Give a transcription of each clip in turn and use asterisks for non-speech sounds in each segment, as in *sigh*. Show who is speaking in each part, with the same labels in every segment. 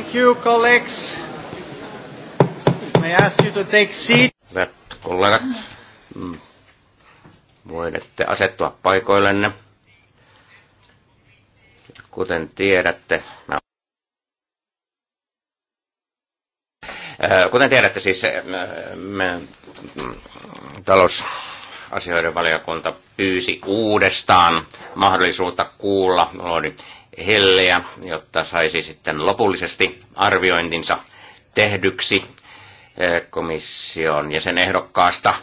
Speaker 1: Thank you, colleagues. May I ask you to take seat? Hyvät
Speaker 2: kollegat, mm, voinette asettua paikoillenne. Kuten tiedätte, mä äh, Kuten tiedätte, siis äh, me, mm, talousasioiden valiokunta pyysi uudestaan mahdollisuutta kuulla Lordi helleä, jotta saisi sitten lopullisesti arviointinsa tehdyksi eh, komission jäsenehdokkaasta.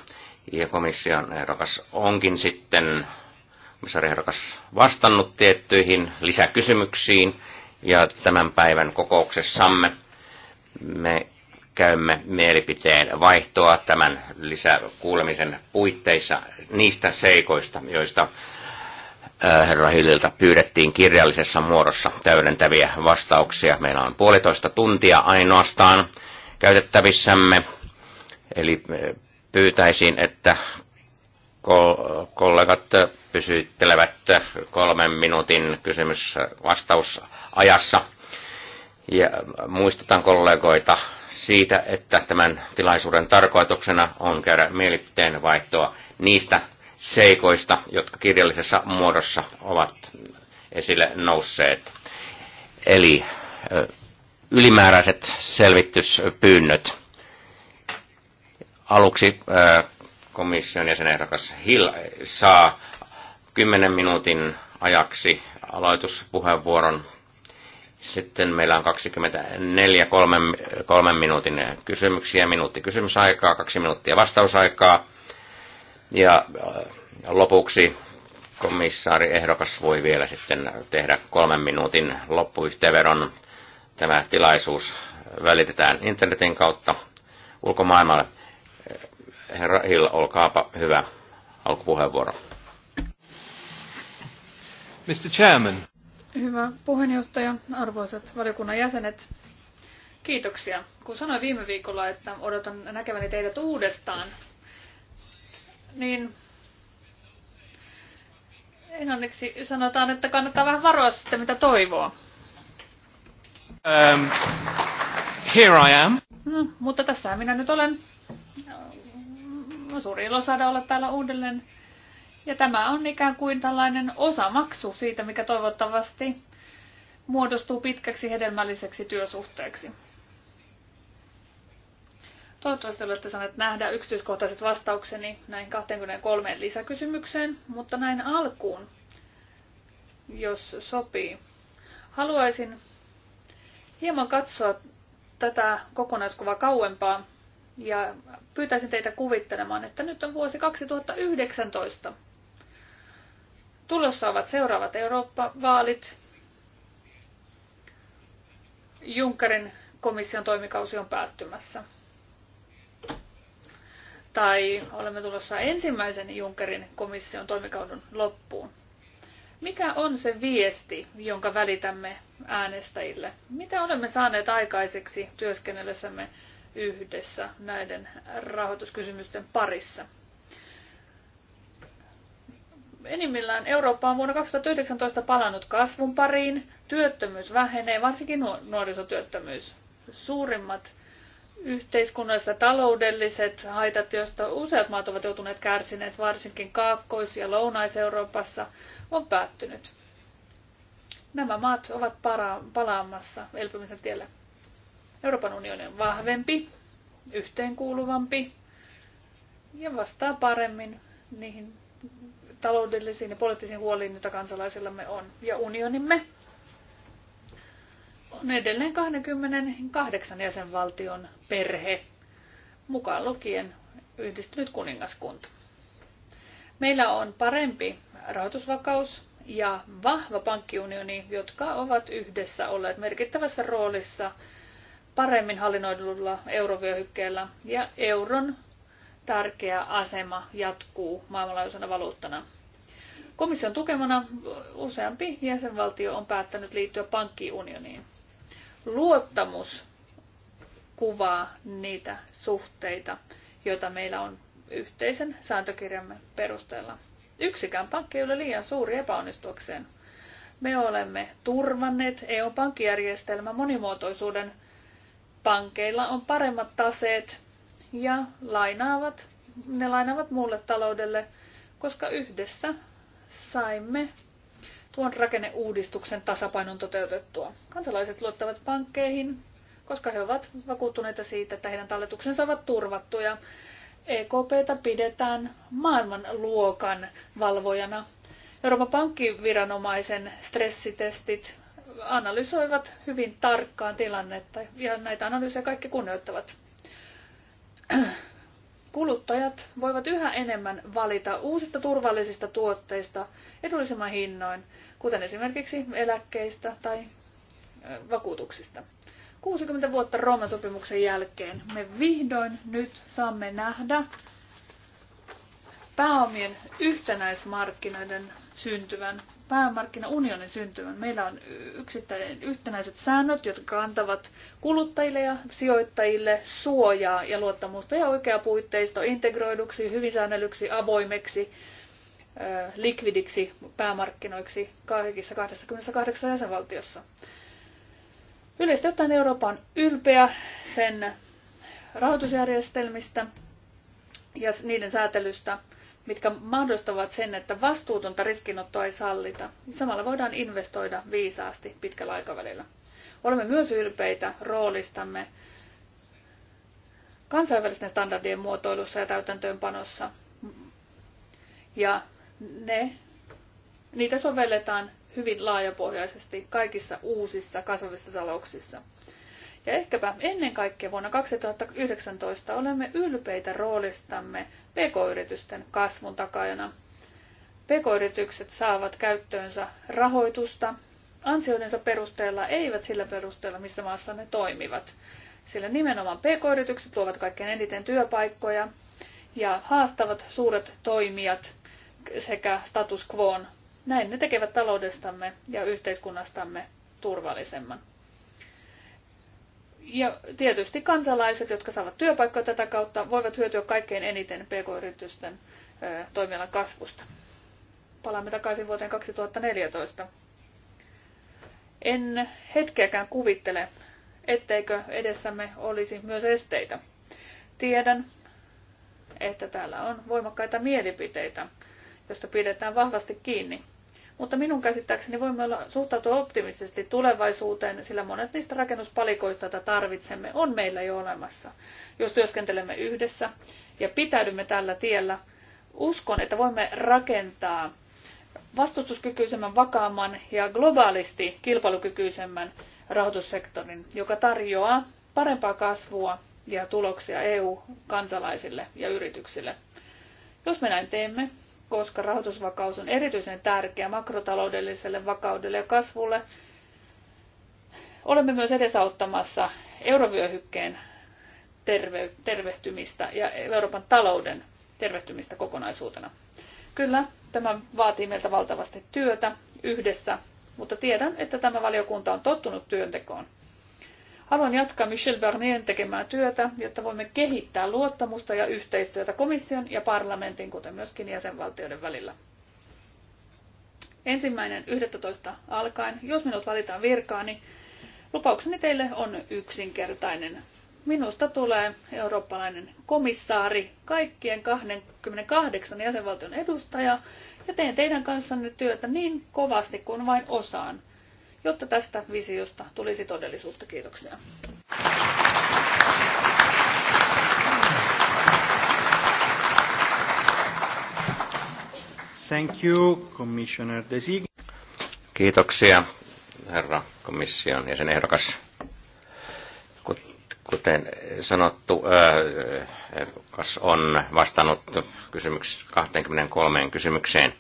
Speaker 2: Ja komission ehdokas onkin sitten komissaari ehdokas vastannut tiettyihin lisäkysymyksiin. Ja tämän päivän kokouksessamme me käymme mielipiteen vaihtoa tämän lisäkuulemisen puitteissa niistä seikoista, joista herra Hilliltä pyydettiin kirjallisessa muodossa täydentäviä vastauksia. Meillä on puolitoista tuntia ainoastaan käytettävissämme, eli pyytäisin, että kollegat pysyttelevät kolmen minuutin kysymys-vastausajassa. Ja muistutan kollegoita siitä, että tämän tilaisuuden tarkoituksena on käydä mielipiteen vaihtoa niistä seikoista, jotka kirjallisessa muodossa ovat esille nousseet. Eli ylimääräiset selvityspyynnöt. Aluksi komission jäsenehdokas Hill saa 10 minuutin ajaksi aloituspuheenvuoron. Sitten meillä on 24 kolmen, kolmen minuutin kysymyksiä, minuutti kysymysaikaa, kaksi minuuttia vastausaikaa ja äh, lopuksi komissaari ehdokas voi vielä sitten tehdä kolmen minuutin loppuyhteenvedon. Tämä tilaisuus äh, välitetään internetin kautta ulkomaailmalle. Äh, herra Hill, olkaapa hyvä alkupuheenvuoro.
Speaker 1: Mr. Chairman.
Speaker 3: Hyvä puheenjohtaja, arvoisat valiokunnan jäsenet. Kiitoksia. Kun sanoin viime viikolla, että odotan näkeväni teidät uudestaan niin englanniksi sanotaan, että kannattaa vähän varoa sitten mitä toivoa.
Speaker 1: Um, here I am.
Speaker 3: No, mutta tässä minä nyt olen. No, suuri ilo saada olla täällä uudelleen. Ja tämä on ikään kuin tällainen osamaksu siitä, mikä toivottavasti muodostuu pitkäksi hedelmälliseksi työsuhteeksi. Toivottavasti olette saaneet nähdä yksityiskohtaiset vastaukseni näin 23 lisäkysymykseen, mutta näin alkuun, jos sopii, haluaisin hieman katsoa tätä kokonaiskuvaa kauempaa ja pyytäisin teitä kuvittelemaan, että nyt on vuosi 2019. Tulossa ovat seuraavat Eurooppa-vaalit. Junckerin komission toimikausi on päättymässä tai olemme tulossa ensimmäisen Junckerin komission toimikauden loppuun. Mikä on se viesti, jonka välitämme äänestäjille? Mitä olemme saaneet aikaiseksi työskennellessämme yhdessä näiden rahoituskysymysten parissa? Enimmillään Eurooppa on vuonna 2019 palannut kasvun pariin, työttömyys vähenee, varsinkin nuorisotyöttömyys. Suurimmat yhteiskunnalliset ja taloudelliset haitat, joista useat maat ovat joutuneet kärsineet, varsinkin Kaakkois- ja Lounais-Euroopassa, on päättynyt. Nämä maat ovat palaamassa elpymisen tielle. Euroopan unioni on vahvempi, yhteenkuuluvampi ja vastaa paremmin niihin taloudellisiin ja poliittisiin huoliin, joita kansalaisillamme on. Ja unionimme on edelleen 28 jäsenvaltion perhe, mukaan lukien yhdistynyt kuningaskunta. Meillä on parempi rahoitusvakaus ja vahva pankkiunioni, jotka ovat yhdessä olleet merkittävässä roolissa paremmin hallinnoidulla eurovyöhykkeellä ja euron tärkeä asema jatkuu maailmanlaajuisena valuuttana. Komission tukemana useampi jäsenvaltio on päättänyt liittyä pankkiunioniin luottamus kuvaa niitä suhteita, joita meillä on yhteisen sääntökirjamme perusteella. Yksikään pankki ei ole liian suuri epäonnistuakseen. Me olemme turvanneet EU-pankkijärjestelmän monimuotoisuuden. Pankeilla on paremmat taseet ja lainaavat, ne lainaavat muulle taloudelle, koska yhdessä saimme tuon rakenneuudistuksen tasapainon toteutettua. Kansalaiset luottavat pankkeihin, koska he ovat vakuuttuneita siitä, että heidän talletuksensa ovat turvattuja. EKPtä pidetään maailmanluokan valvojana. Euroopan pankkiviranomaisen stressitestit analysoivat hyvin tarkkaan tilannetta ja näitä analyysejä kaikki kunnioittavat kuluttajat voivat yhä enemmän valita uusista turvallisista tuotteista edullisemman hinnoin, kuten esimerkiksi eläkkeistä tai vakuutuksista. 60 vuotta Rooman sopimuksen jälkeen me vihdoin nyt saamme nähdä pääomien yhtenäismarkkinoiden syntyvän päämarkkinaunionin syntymän. Meillä on yksittäinen yhtenäiset säännöt, jotka antavat kuluttajille ja sijoittajille suojaa ja luottamusta ja oikea puitteisto integroiduksi, hyvin säännellyksi, avoimeksi, likvidiksi päämarkkinoiksi kaikissa 28 jäsenvaltiossa. Yleisesti ottaen Eurooppa on ylpeä sen rahoitusjärjestelmistä ja niiden säätelystä – mitkä mahdollistavat sen, että vastuutonta riskinottoa ei sallita. Samalla voidaan investoida viisaasti pitkällä aikavälillä. Olemme myös ylpeitä roolistamme kansainvälisten standardien muotoilussa ja täytäntöönpanossa. Ja ne, niitä sovelletaan hyvin laajapohjaisesti kaikissa uusissa kasvavissa talouksissa. Ja ehkäpä ennen kaikkea vuonna 2019 olemme ylpeitä roolistamme pk-yritysten kasvun takajana. Pk-yritykset saavat käyttöönsä rahoitusta ansioidensa perusteella, eivät sillä perusteella, missä maassa ne toimivat. Sillä nimenomaan pk-yritykset tuovat kaikkein eniten työpaikkoja ja haastavat suuret toimijat sekä status quoon. Näin ne tekevät taloudestamme ja yhteiskunnastamme turvallisemman. Ja tietysti kansalaiset, jotka saavat työpaikkoja tätä kautta, voivat hyötyä kaikkein eniten pk-yritysten toimialan kasvusta. Palaamme takaisin vuoteen 2014. En hetkeäkään kuvittele, etteikö edessämme olisi myös esteitä. Tiedän, että täällä on voimakkaita mielipiteitä, joista pidetään vahvasti kiinni. Mutta minun käsittääkseni voimme olla, suhtautua optimistisesti tulevaisuuteen, sillä monet niistä rakennuspalikoista, joita tarvitsemme, on meillä jo olemassa. Jos työskentelemme yhdessä ja pitäydymme tällä tiellä, uskon, että voimme rakentaa vastustuskykyisemmän, vakaamman ja globaalisti kilpailukykyisemmän rahoitussektorin, joka tarjoaa parempaa kasvua ja tuloksia EU-kansalaisille ja yrityksille. Jos me näin teemme, koska rahoitusvakaus on erityisen tärkeä makrotaloudelliselle vakaudelle ja kasvulle. Olemme myös edesauttamassa eurovyöhykkeen terve, tervehtymistä ja Euroopan talouden tervehtymistä kokonaisuutena. Kyllä, tämä vaatii meiltä valtavasti työtä yhdessä, mutta tiedän, että tämä valiokunta on tottunut työntekoon. Haluan jatkaa Michel Barnien tekemää työtä, jotta voimme kehittää luottamusta ja yhteistyötä komission ja parlamentin, kuten myöskin jäsenvaltioiden välillä. Ensimmäinen 11. alkaen, jos minut valitaan virkaani, lupaukseni teille on yksinkertainen. Minusta tulee eurooppalainen komissaari, kaikkien 28 jäsenvaltion edustaja ja teen teidän kanssanne työtä niin kovasti kuin vain osaan – jotta tästä visiosta tulisi todellisuutta. Kiitoksia.
Speaker 1: Thank you, Commissioner Desig.
Speaker 2: Kiitoksia, herra komission ehdokas. Kuten sanottu, äh, ehdokas on vastannut kysymyks 23 kysymykseen.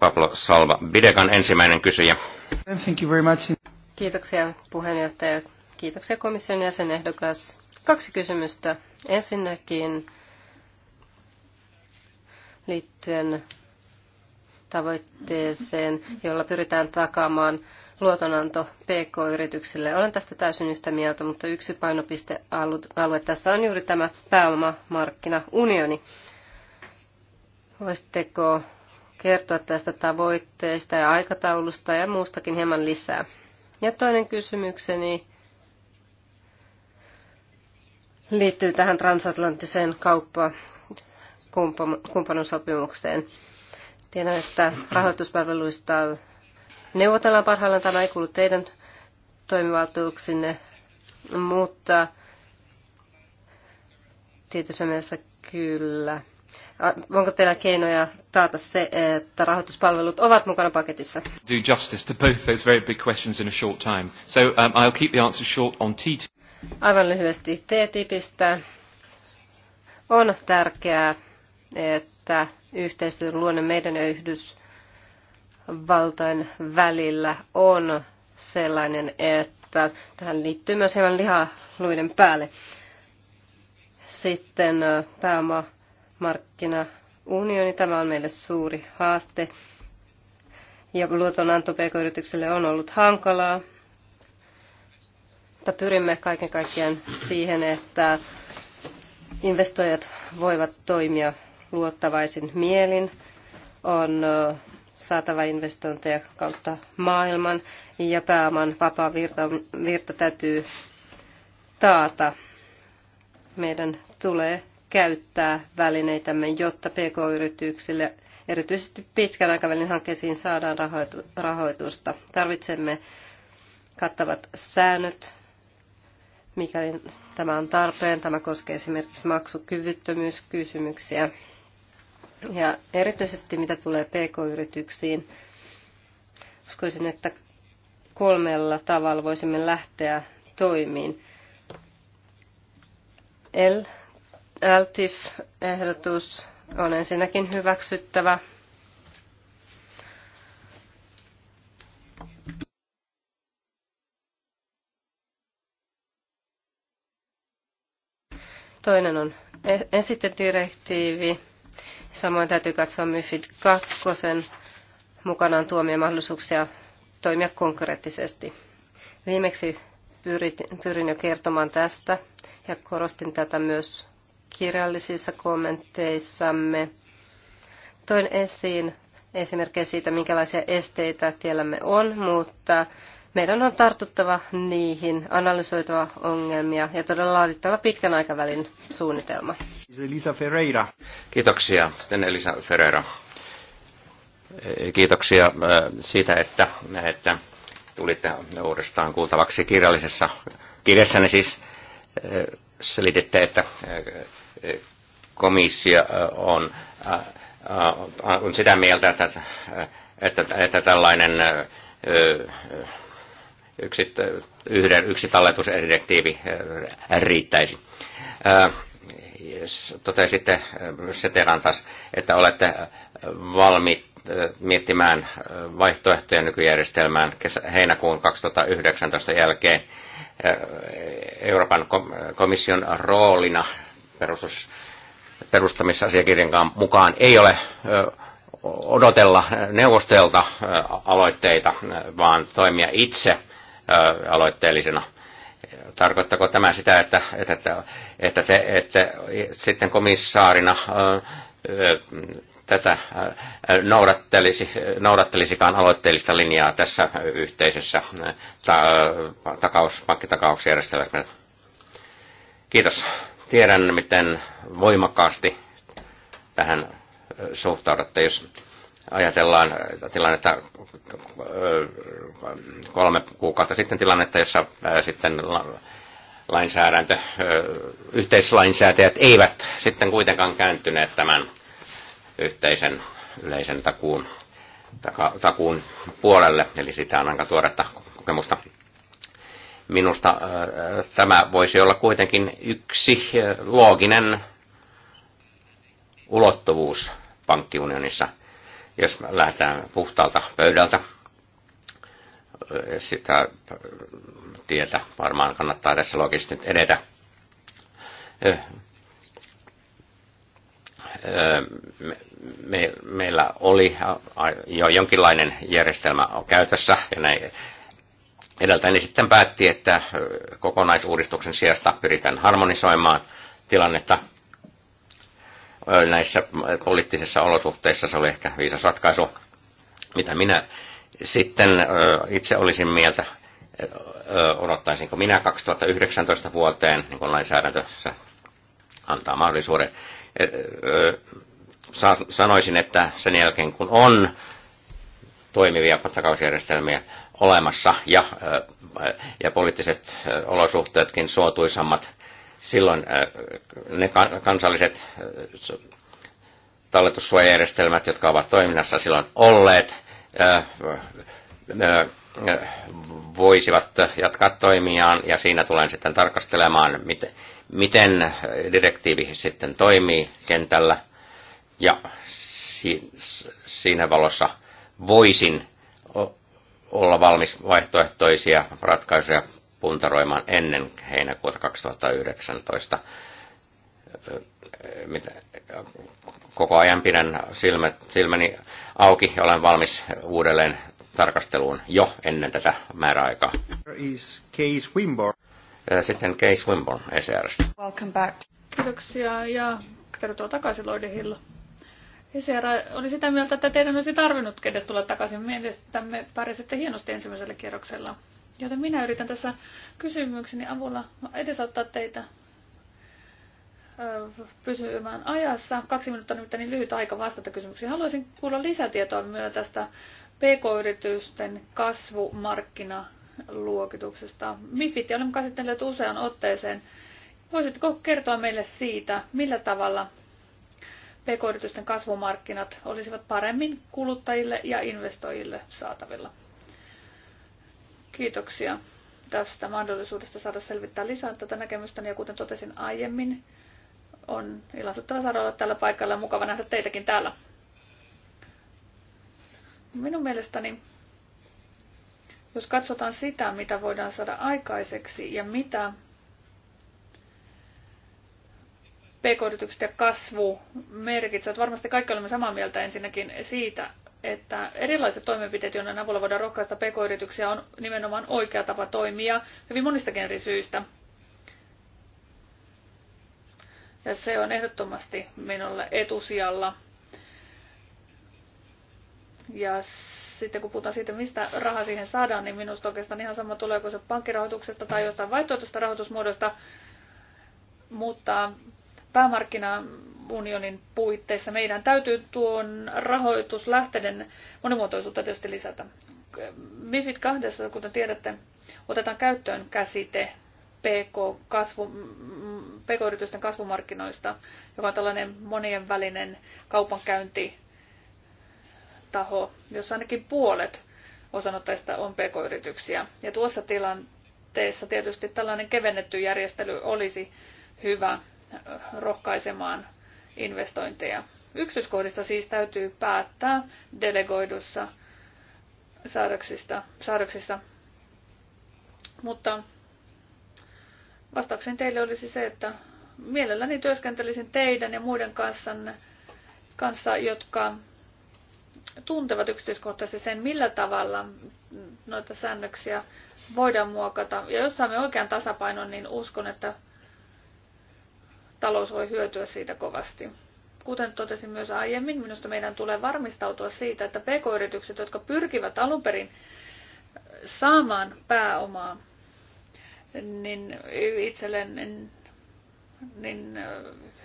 Speaker 2: Pablo Salva Bidegan ensimmäinen kysyjä. Thank you very much.
Speaker 4: Kiitoksia puheenjohtaja. Kiitoksia komission jäsenehdokas. Kaksi kysymystä. Ensinnäkin liittyen tavoitteeseen, jolla pyritään takaamaan luotonanto PK-yrityksille. Olen tästä täysin yhtä mieltä, mutta yksi painopistealue tässä on juuri tämä pääomamarkkinaunioni. Voisitteko kertoa tästä tavoitteesta ja aikataulusta ja muustakin hieman lisää. Ja toinen kysymykseni liittyy tähän transatlanttiseen kauppakumppanuussopimukseen. Tiedän, että rahoituspalveluista neuvotellaan parhaillaan. Tämä ei kuulu teidän toimivaltuuksinne, mutta tietyssä mielessä kyllä onko teillä keinoja taata se, että rahoituspalvelut ovat mukana paketissa?
Speaker 1: Do justice to both those very big questions in a short time. So um, I'll keep the answer short on TTIP.
Speaker 4: Aivan lyhyesti TTIPistä. On tärkeää, että yhteistyön luonne meidän ja Yhdysvaltain välillä on sellainen, että tähän liittyy myös hieman lihaluiden luiden päälle. Sitten äh, pääoma markkinaunioni. Tämä on meille suuri haaste. Ja luotonanto pk-yritykselle on ollut hankalaa, mutta pyrimme kaiken kaikkiaan siihen, että investoijat voivat toimia luottavaisin mielin. On saatava investointeja kautta maailman ja pääoman vapaa virta, virta täytyy taata. Meidän tulee käyttää välineitämme, jotta pk-yrityksille erityisesti pitkän aikavälin hankkeisiin saadaan rahoitusta. Tarvitsemme kattavat säännöt, mikäli tämä on tarpeen. Tämä koskee esimerkiksi maksukyvyttömyyskysymyksiä. Ja erityisesti mitä tulee pk-yrityksiin, uskoisin, että kolmella tavalla voisimme lähteä toimiin. El LTIF-ehdotus on ensinnäkin hyväksyttävä. Toinen on e- esitedirektiivi. Samoin täytyy katsoa MIFID 2 mukanaan tuomia mahdollisuuksia toimia konkreettisesti. Viimeksi pyrin jo kertomaan tästä ja korostin tätä myös kirjallisissa kommentteissamme. Toin esiin esimerkkejä siitä, minkälaisia esteitä tiellämme on, mutta meidän on tartuttava niihin, analysoitava ongelmia ja todella laadittava pitkän aikavälin suunnitelma.
Speaker 2: Elisa Ferreira. Kiitoksia. Sitten Elisa Ferreira. Kiitoksia äh, siitä, että, että tulitte uudestaan kuultavaksi kirjallisessa kirjassanne siis äh, selititte, että äh, komissio äh, on, äh, äh, on sitä mieltä, että, että, että tällainen yksi, yhden, yksi talletusdirektiivi riittäisi. Totesitte Seteran taas, että olette valmiit miettimään vaihtoehtoja nykyjärjestelmään kesä, heinäkuun 2019 jälkeen Euroopan komission roolina perustus, perustamisasiakirjan mukaan ei ole odotella neuvostelta aloitteita, vaan toimia itse aloitteellisena. Tarkoittako tämä sitä, että, että, että, te, että sitten komissaarina tätä noudattelisi, noudattelisikaan aloitteellista linjaa tässä yhteisessä ta, takaus, pankkitakausjärjestelmässä? Kiitos. Tiedän, miten voimakkaasti tähän suhtaudutte, jos ajatellaan äh, tilannetta äh, kolme kuukautta sitten tilannetta, jossa äh, sitten lainsäädäntö, yhteislainsäätäjät eivät sitten kuitenkaan kääntyneet tämän yhteisen yleisen takuun, takuun puolelle, eli sitä on aika tuoretta kokemusta Minusta äh, tämä voisi olla kuitenkin yksi äh, looginen ulottuvuus pankkiunionissa, jos lähdetään puhtaalta pöydältä. Äh, sitä tietä varmaan kannattaa tässä logisesti nyt edetä. Me, me, meillä oli jo jonkinlainen järjestelmä käytössä ja näin Edeltäni sitten päätti, että kokonaisuudistuksen sijasta pyritään harmonisoimaan tilannetta näissä poliittisissa olosuhteissa. Se oli ehkä viisas ratkaisu, mitä minä sitten itse olisin mieltä, odottaisinko minä 2019 vuoteen, niin kuin lainsäädäntössä antaa mahdollisuuden. Sanoisin, että sen jälkeen kun on toimivia patsakausjärjestelmiä, olemassa ja, ja poliittiset olosuhteetkin suotuisammat, silloin ne kansalliset talletussuojajärjestelmät, jotka ovat toiminnassa silloin olleet, voisivat jatkaa toimiaan ja siinä tulen sitten tarkastelemaan, miten direktiivi sitten toimii kentällä ja siinä valossa voisin olla valmis vaihtoehtoisia ratkaisuja puntaroimaan ennen heinäkuuta 2019. Mitä, koko ajan pidän silmät, silmäni auki ja olen valmis uudelleen tarkasteluun jo ennen tätä määräaikaa. Sitten Case Wimborne ECR.
Speaker 3: Kiitoksia ja tervetuloa takaisin Lloyd Sierra oli sitä mieltä, että teidän olisi tarvinnut edes tulla takaisin. Mielestämme pärjäsitte hienosti ensimmäisellä kierroksella. Joten minä yritän tässä kysymykseni avulla edesauttaa teitä pysymään ajassa. Kaksi minuuttia on niin lyhyt aika vastata kysymyksiin. Haluaisin kuulla lisätietoa myös tästä PK-yritysten kasvumarkkinaluokituksesta. Mifit olemme käsitelleet usean otteeseen. Voisitko kertoa meille siitä, millä tavalla pk-yritysten kasvumarkkinat olisivat paremmin kuluttajille ja investoijille saatavilla. Kiitoksia tästä mahdollisuudesta saada selvittää lisää tätä näkemystäni ja kuten totesin aiemmin, on ilahduttava saada olla tällä paikalla ja mukava nähdä teitäkin täällä. Minun mielestäni, jos katsotaan sitä, mitä voidaan saada aikaiseksi ja mitä pk-yritykset ja kasvu merkitsevät. Varmasti kaikki olemme samaa mieltä ensinnäkin siitä, että erilaiset toimenpiteet, joiden avulla voidaan rohkaista pk-yrityksiä, on nimenomaan oikea tapa toimia hyvin monistakin eri syistä. Ja se on ehdottomasti minulle etusijalla. Ja sitten kun puhutaan siitä, mistä raha siihen saadaan, niin minusta oikeastaan ihan sama tuleeko se pankkirahoituksesta tai jostain vaihtoehtoisesta rahoitusmuodosta. Mutta päämarkkinaunionin puitteissa meidän täytyy tuon rahoituslähteiden monimuotoisuutta tietysti lisätä. MIFID 2, kuten tiedätte, otetaan käyttöön käsite PK-kasvu, PK-yritysten kasvumarkkinoista, joka on tällainen monien välinen kaupankäynti taho, jossa ainakin puolet osanottajista on pk-yrityksiä. Ja tuossa tilanteessa tietysti tällainen kevennetty järjestely olisi hyvä rohkaisemaan investointeja. Yksityiskohdista siis täytyy päättää delegoidussa säädöksistä, säädöksissä. Mutta vastauksen teille olisi se, että mielelläni työskentelisin teidän ja muiden kanssanne, kanssa, jotka tuntevat yksityiskohtaisesti sen, millä tavalla noita säännöksiä voidaan muokata. Ja jos saamme oikean tasapainon, niin uskon, että talous voi hyötyä siitä kovasti. Kuten totesin myös aiemmin, minusta meidän tulee varmistautua siitä, että pk-yritykset, jotka pyrkivät alun perin saamaan pääomaa niin itselleen niin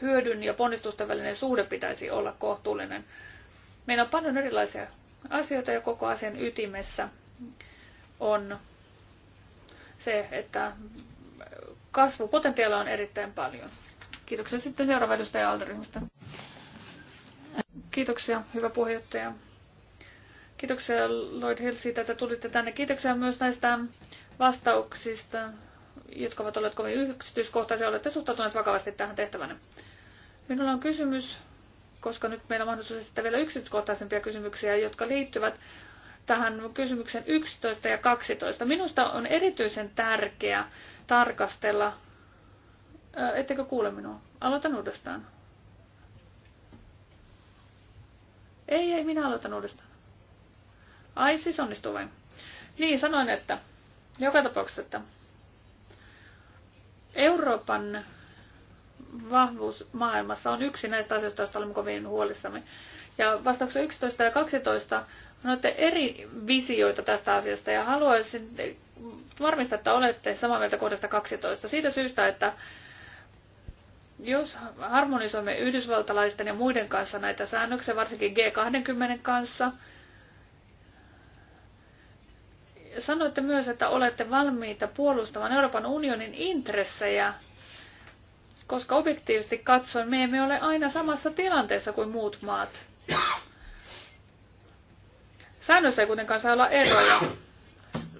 Speaker 3: hyödyn ja ponnistusten välinen suhde pitäisi olla kohtuullinen. Meillä on paljon erilaisia asioita ja koko asian ytimessä on se, että kasvupotentiaalia on erittäin paljon. Kiitoksia sitten seuraava edustaja Aaltoryhmästä. Kiitoksia, hyvä puheenjohtaja. Kiitoksia Lloyd Hill siitä, että tulitte tänne. Kiitoksia myös näistä vastauksista, jotka ovat olleet kovin yksityiskohtaisia. Olette suhtautuneet vakavasti tähän tehtävään. Minulla on kysymys, koska nyt meillä on mahdollisuus esittää vielä yksityiskohtaisempia kysymyksiä, jotka liittyvät tähän kysymykseen 11 ja 12. Minusta on erityisen tärkeää tarkastella Ettekö kuule minua? Aloitan uudestaan. Ei, ei, minä aloitan uudestaan. Ai, siis onnistuu vain. Niin, sanoin, että joka tapauksessa, että Euroopan vahvuus maailmassa on yksi näistä asioista, joista olemme kovin huolissamme. Ja vastauksessa 11 ja 12 annoitte eri visioita tästä asiasta ja haluaisin varmistaa, että olette samaa mieltä kohdasta 12 siitä syystä, että jos harmonisoimme yhdysvaltalaisten ja muiden kanssa näitä säännöksiä, varsinkin G20 kanssa, sanoitte myös, että olette valmiita puolustamaan Euroopan unionin intressejä, koska objektiivisesti katsoen me emme ole aina samassa tilanteessa kuin muut maat. Säännöissä ei kuitenkaan saa olla eroja,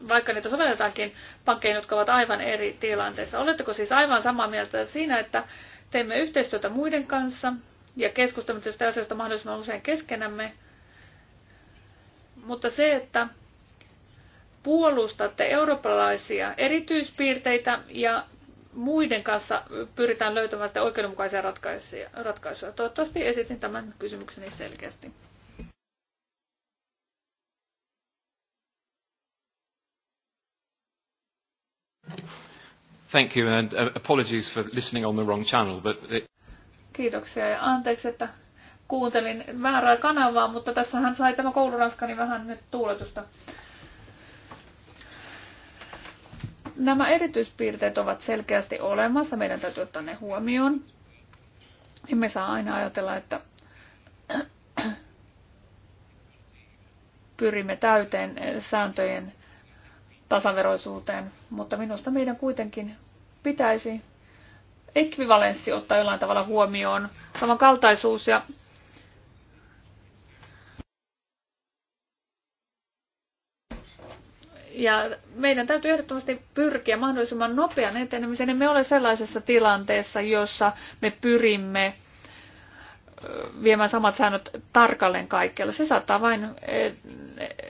Speaker 3: vaikka niitä sovelletaankin pankkeihin, jotka ovat aivan eri tilanteessa. Oletteko siis aivan samaa mieltä siinä, että Teemme yhteistyötä muiden kanssa ja keskustelemme tästä asiasta mahdollisimman usein keskenämme. Mutta se, että puolustatte eurooppalaisia erityispiirteitä ja muiden kanssa pyritään löytämään oikeudenmukaisia ratkaisuja. Toivottavasti esitin tämän kysymykseni selkeästi.
Speaker 1: Thank you and uh, apologies for listening on the wrong channel, but
Speaker 3: it... Kiitoksia ja anteeksi, että kuuntelin väärää kanavaa, mutta tässähän sai tämä kouluranskani vähän nyt tuuletusta. Nämä erityispiirteet ovat selkeästi olemassa, meidän täytyy ottaa ne huomioon. Emme saa aina ajatella, että pyrimme täyteen sääntöjen tasaveroisuuteen, mutta minusta meidän kuitenkin pitäisi ekvivalenssi ottaa jollain tavalla huomioon, samankaltaisuus ja ja meidän täytyy ehdottomasti pyrkiä mahdollisimman nopean etenemiseen. Me ole sellaisessa tilanteessa, jossa me pyrimme viemään samat säännöt tarkalleen kaikkialla. Se saattaa vain e,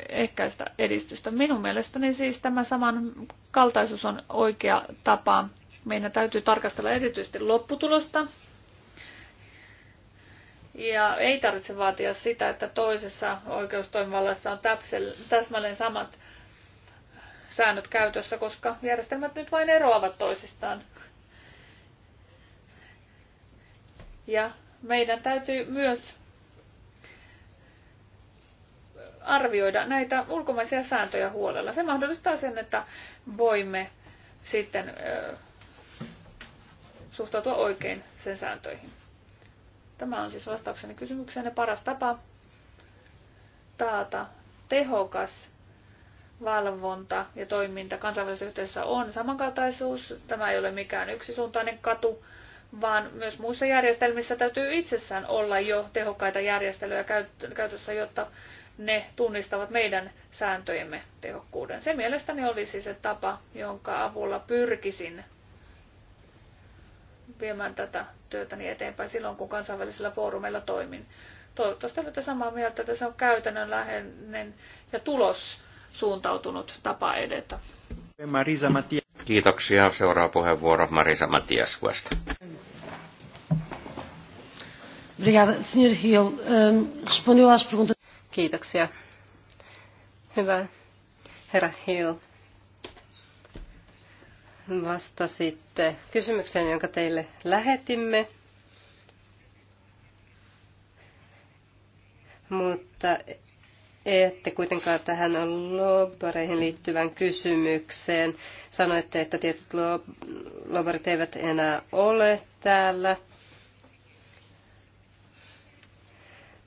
Speaker 3: ehkäistä edistystä. Minun mielestäni siis tämä saman kaltaisuus on oikea tapa. Meidän täytyy tarkastella erityisesti lopputulosta. Ja ei tarvitse vaatia sitä, että toisessa oikeustoimivallassa on täsmälleen samat säännöt käytössä, koska järjestelmät nyt vain eroavat toisistaan. Ja meidän täytyy myös arvioida näitä ulkomaisia sääntöjä huolella. Se mahdollistaa sen, että voimme sitten suhtautua oikein sen sääntöihin. Tämä on siis vastaukseni kysymykseen. Paras tapa taata tehokas valvonta ja toiminta kansainvälisessä yhteisössä on samankaltaisuus. Tämä ei ole mikään yksisuuntainen katu, vaan myös muissa järjestelmissä täytyy itsessään olla jo tehokkaita järjestelyjä käytössä, jotta ne tunnistavat meidän sääntöjemme tehokkuuden. Se mielestäni olisi siis se tapa, jonka avulla pyrkisin viemään tätä työtäni eteenpäin silloin, kun kansainvälisillä foorumeilla toimin. Toivottavasti olette samaa mieltä, että se on käytännönläheinen ja tulos suuntautunut tapa edetä.
Speaker 2: Marisa Kiitoksia. Seuraava puheenvuoro Marisa Matias
Speaker 4: Kiitoksia. Hyvä. Herra Hill, vastasitte kysymykseen, jonka teille lähetimme. Mutta ette kuitenkaan tähän lobbareihin liittyvään kysymykseen. Sanoitte, että tietyt lobbarit eivät enää ole täällä.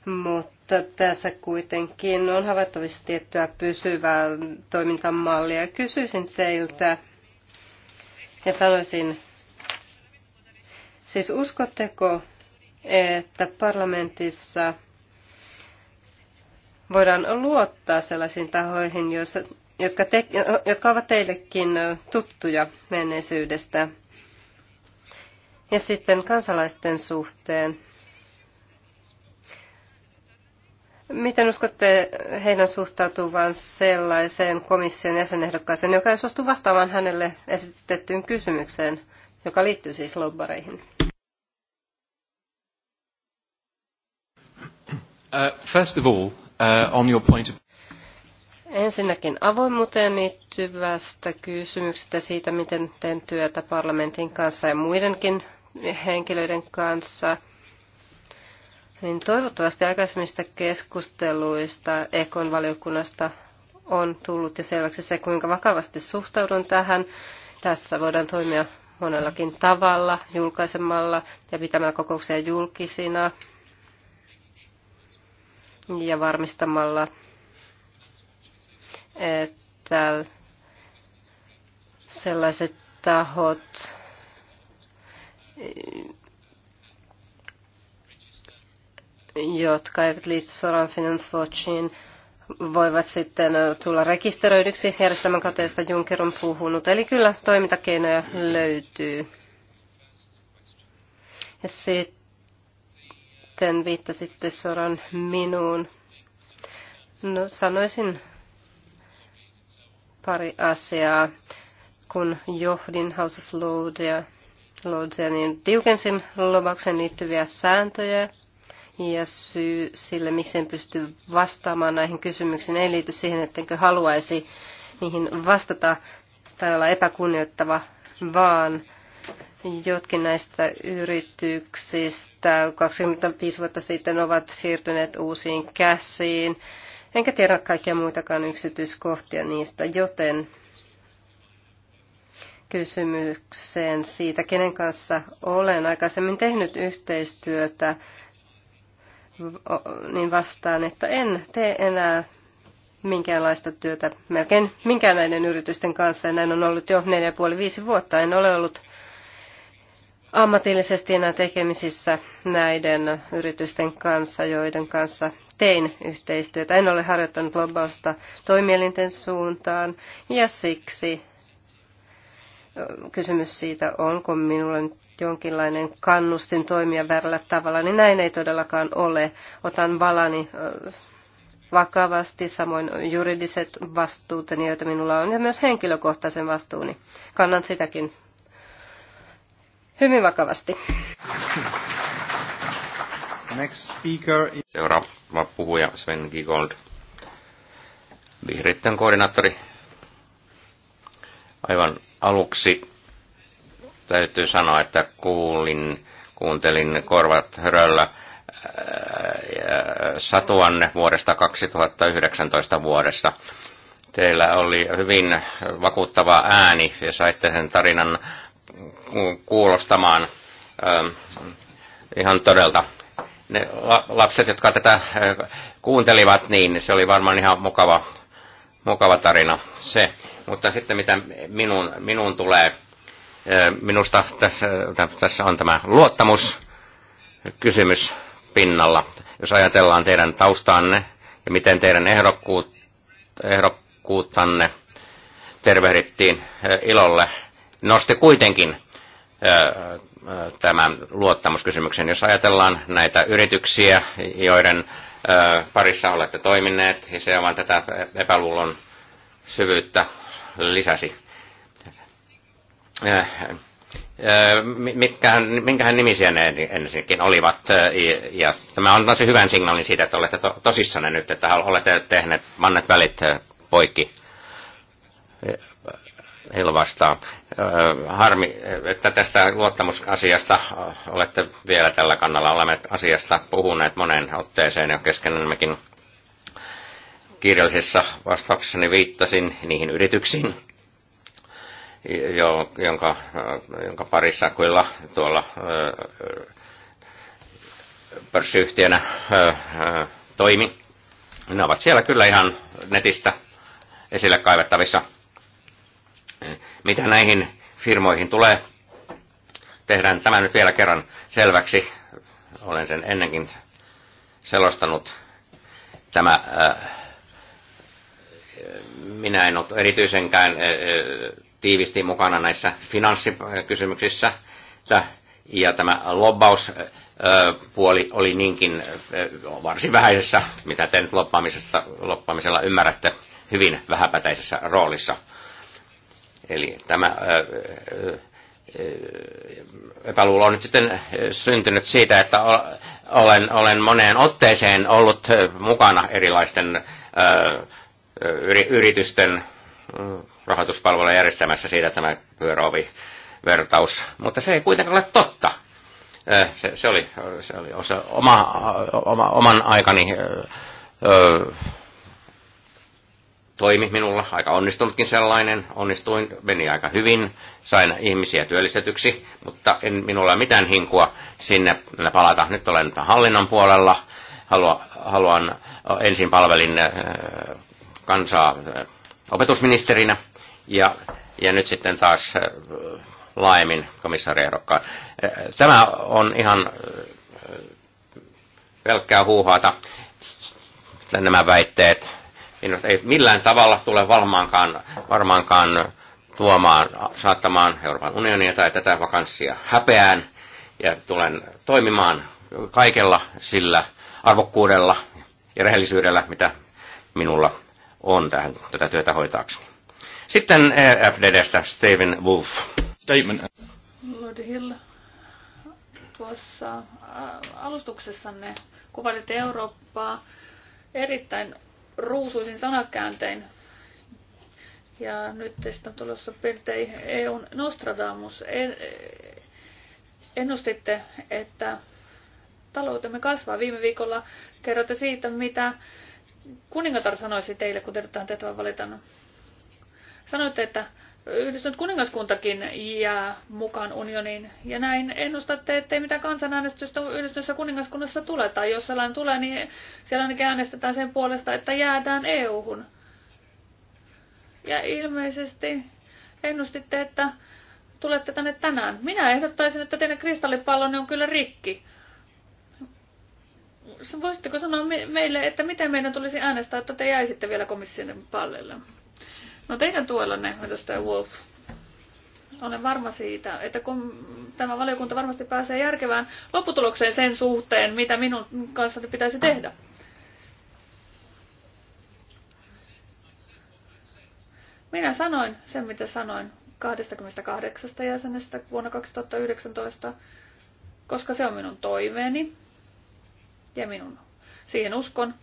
Speaker 4: Mutta tässä kuitenkin on havaittavissa tiettyä pysyvää toimintamallia. Kysyisin teiltä ja sanoisin, siis uskotteko, että parlamentissa – voidaan luottaa sellaisiin tahoihin, joissa, jotka, te, jotka ovat teillekin tuttuja menneisyydestä. Ja sitten kansalaisten suhteen. Miten uskotte heidän suhtautuvan sellaiseen komission jäsenehdokkaaseen, joka ei suostu vastaamaan hänelle esitettyyn kysymykseen, joka liittyy siis lobbareihin?
Speaker 1: Uh, first of all, uh, on your point of...
Speaker 4: Ensinnäkin avoimuuteen liittyvästä kysymyksestä siitä, miten teen työtä parlamentin kanssa ja muidenkin henkilöiden kanssa. Niin toivottavasti aikaisemmista keskusteluista Ekon valiokunnasta on tullut ja selväksi se, kuinka vakavasti suhtaudun tähän. Tässä voidaan toimia monellakin tavalla, julkaisemalla ja pitämällä kokouksia julkisina ja varmistamalla, että sellaiset tahot, jotka eivät liity suoraan Finance voivat sitten tulla rekisteröidyksi järjestelmän kateesta Juncker on puhunut. Eli kyllä toimintakeinoja löytyy. Ja sitten sitten viittasitte suoraan minuun. No, sanoisin pari asiaa. Kun johdin House of Lordsia, Lordsia niin tiukensin lomaukseen liittyviä sääntöjä. Ja syy sille, miksi en pysty vastaamaan näihin kysymyksiin, ei liity siihen, ettenkö haluaisi niihin vastata tai olla epäkunnioittava, vaan – Jotkin näistä yrityksistä 25 vuotta sitten ovat siirtyneet uusiin käsiin. Enkä tiedä kaikkia muitakaan yksityiskohtia niistä, joten kysymykseen siitä, kenen kanssa olen aikaisemmin tehnyt yhteistyötä, niin vastaan, että en tee enää minkäänlaista työtä melkein minkään näiden yritysten kanssa. Ja näin on ollut jo 4,5-5 vuotta. En ole ollut ammatillisesti enää tekemisissä näiden yritysten kanssa, joiden kanssa tein yhteistyötä. En ole harjoittanut lobbausta toimielinten suuntaan ja siksi kysymys siitä, onko minulla jonkinlainen kannustin toimia väärällä tavalla, niin näin ei todellakaan ole. Otan valani vakavasti, samoin juridiset vastuuteni, joita minulla on, ja myös henkilökohtaisen vastuuni. Kannan sitäkin hyvin vakavasti.
Speaker 2: Next speaker is... Seuraava puhuja Sven Gigold, vihreitten koordinaattori. Aivan aluksi täytyy sanoa, että kuulin, kuuntelin korvat höröllä äh, satuanne vuodesta 2019 vuodesta. Teillä oli hyvin vakuuttava ääni ja saitte sen tarinan kuulostamaan ähm, ihan todelta. Ne lapset, jotka tätä äh, kuuntelivat, niin se oli varmaan ihan mukava, mukava tarina se. Mutta sitten mitä minun, minun tulee, äh, minusta tässä, äh, tässä on tämä luottamuskysymys pinnalla. Jos ajatellaan teidän taustanne ja miten teidän ehdokkuut, ehdokkuuttanne tervehdittiin ilolle nosti kuitenkin tämän luottamuskysymyksen. Jos ajatellaan näitä yrityksiä, joiden parissa olette toimineet, ja niin se on tätä epäluulon syvyyttä lisäsi. Mitkähän, minkähän nimisiä ne ensinnäkin olivat, ja tämä on tosi hyvän signaalin siitä, että olette to, tosissanne nyt, että olette tehneet mannet välit poikki heillä vastaan. Harmi, että tästä luottamusasiasta olette vielä tällä kannalla. Olemme asiasta puhuneet moneen otteeseen ja keskenämmekin kirjallisessa vastauksessani viittasin niihin yrityksiin, jo, jonka, jonka parissa kyllä tuolla pörssiyhtiönä toimi. Ne ovat siellä kyllä ihan netistä esille kaivettavissa – mitä näihin firmoihin tulee, tehdään tämä nyt vielä kerran selväksi. Olen sen ennenkin selostanut. Tämä, äh, minä en ole erityisenkään äh, äh, tiivisti mukana näissä finanssikysymyksissä. Ja tämä lobbauspuoli oli niinkin varsin vähäisessä, mitä te nyt loppaamisella ymmärrätte, hyvin vähäpätäisessä roolissa. Eli tämä epäluulo on nyt sitten syntynyt siitä, että olen, olen moneen otteeseen ollut mukana erilaisten yritysten mm, rahoituspalveluja järjestämässä siitä tämä pyöräovi vertaus, mutta se ei kuitenkaan ole totta. Se, se oli, se oli osa, oma, oma, oman aikani toimi minulla, aika onnistunutkin sellainen, onnistuin, meni aika hyvin, sain ihmisiä työllistetyksi, mutta en minulla ole mitään hinkua sinne palata. Nyt olen hallinnon puolella, haluan, haluan ensin palvelin kansaa opetusministerinä ja, ja nyt sitten taas laajemmin komissaariehdokkaan. Tämä on ihan pelkkää huuhaata, nämä väitteet niin, ei millään tavalla tule varmaankaan, varmaankaan tuomaan, saattamaan Euroopan unionia tai tätä vakanssia häpeään ja tulen toimimaan kaikella sillä arvokkuudella ja rehellisyydellä, mitä minulla on tähän, tätä työtä hoitaakseni. Sitten EFDDstä Steven Wolf. Statement.
Speaker 3: Lord Hill, tuossa alustuksessanne kuvailitte Eurooppaa erittäin ruusuisin sanakääntein. Ja nyt teistä on tulossa piltei EUn Nostradamus. Ennustitte, että taloutemme kasvaa. Viime viikolla kerroitte siitä, mitä kuningatar sanoisi teille, kun teidät on tehtävän valitannut. Sanoitte, että yhdistynyt kuningaskuntakin jää mukaan unioniin. Ja näin ennustatte, ettei mitään kansanäänestystä yhdistyneessä kuningaskunnassa tule. Tai jos sellainen tulee, niin siellä ainakin äänestetään sen puolesta, että jäädään EU-hun. Ja ilmeisesti ennustitte, että tulette tänne tänään. Minä ehdottaisin, että teidän kristallipallonne on kyllä rikki. Voisitteko sanoa meille, että miten meidän tulisi äänestää, että te jäisitte vielä komission pallelle? No teidän tuellanne, edustaja Wolf, olen varma siitä, että kun tämä valiokunta varmasti pääsee järkevään lopputulokseen sen suhteen, mitä minun kanssani pitäisi tehdä. Minä sanoin sen, mitä sanoin 28 jäsenestä vuonna 2019, koska se on minun toiveeni ja minun siihen uskon.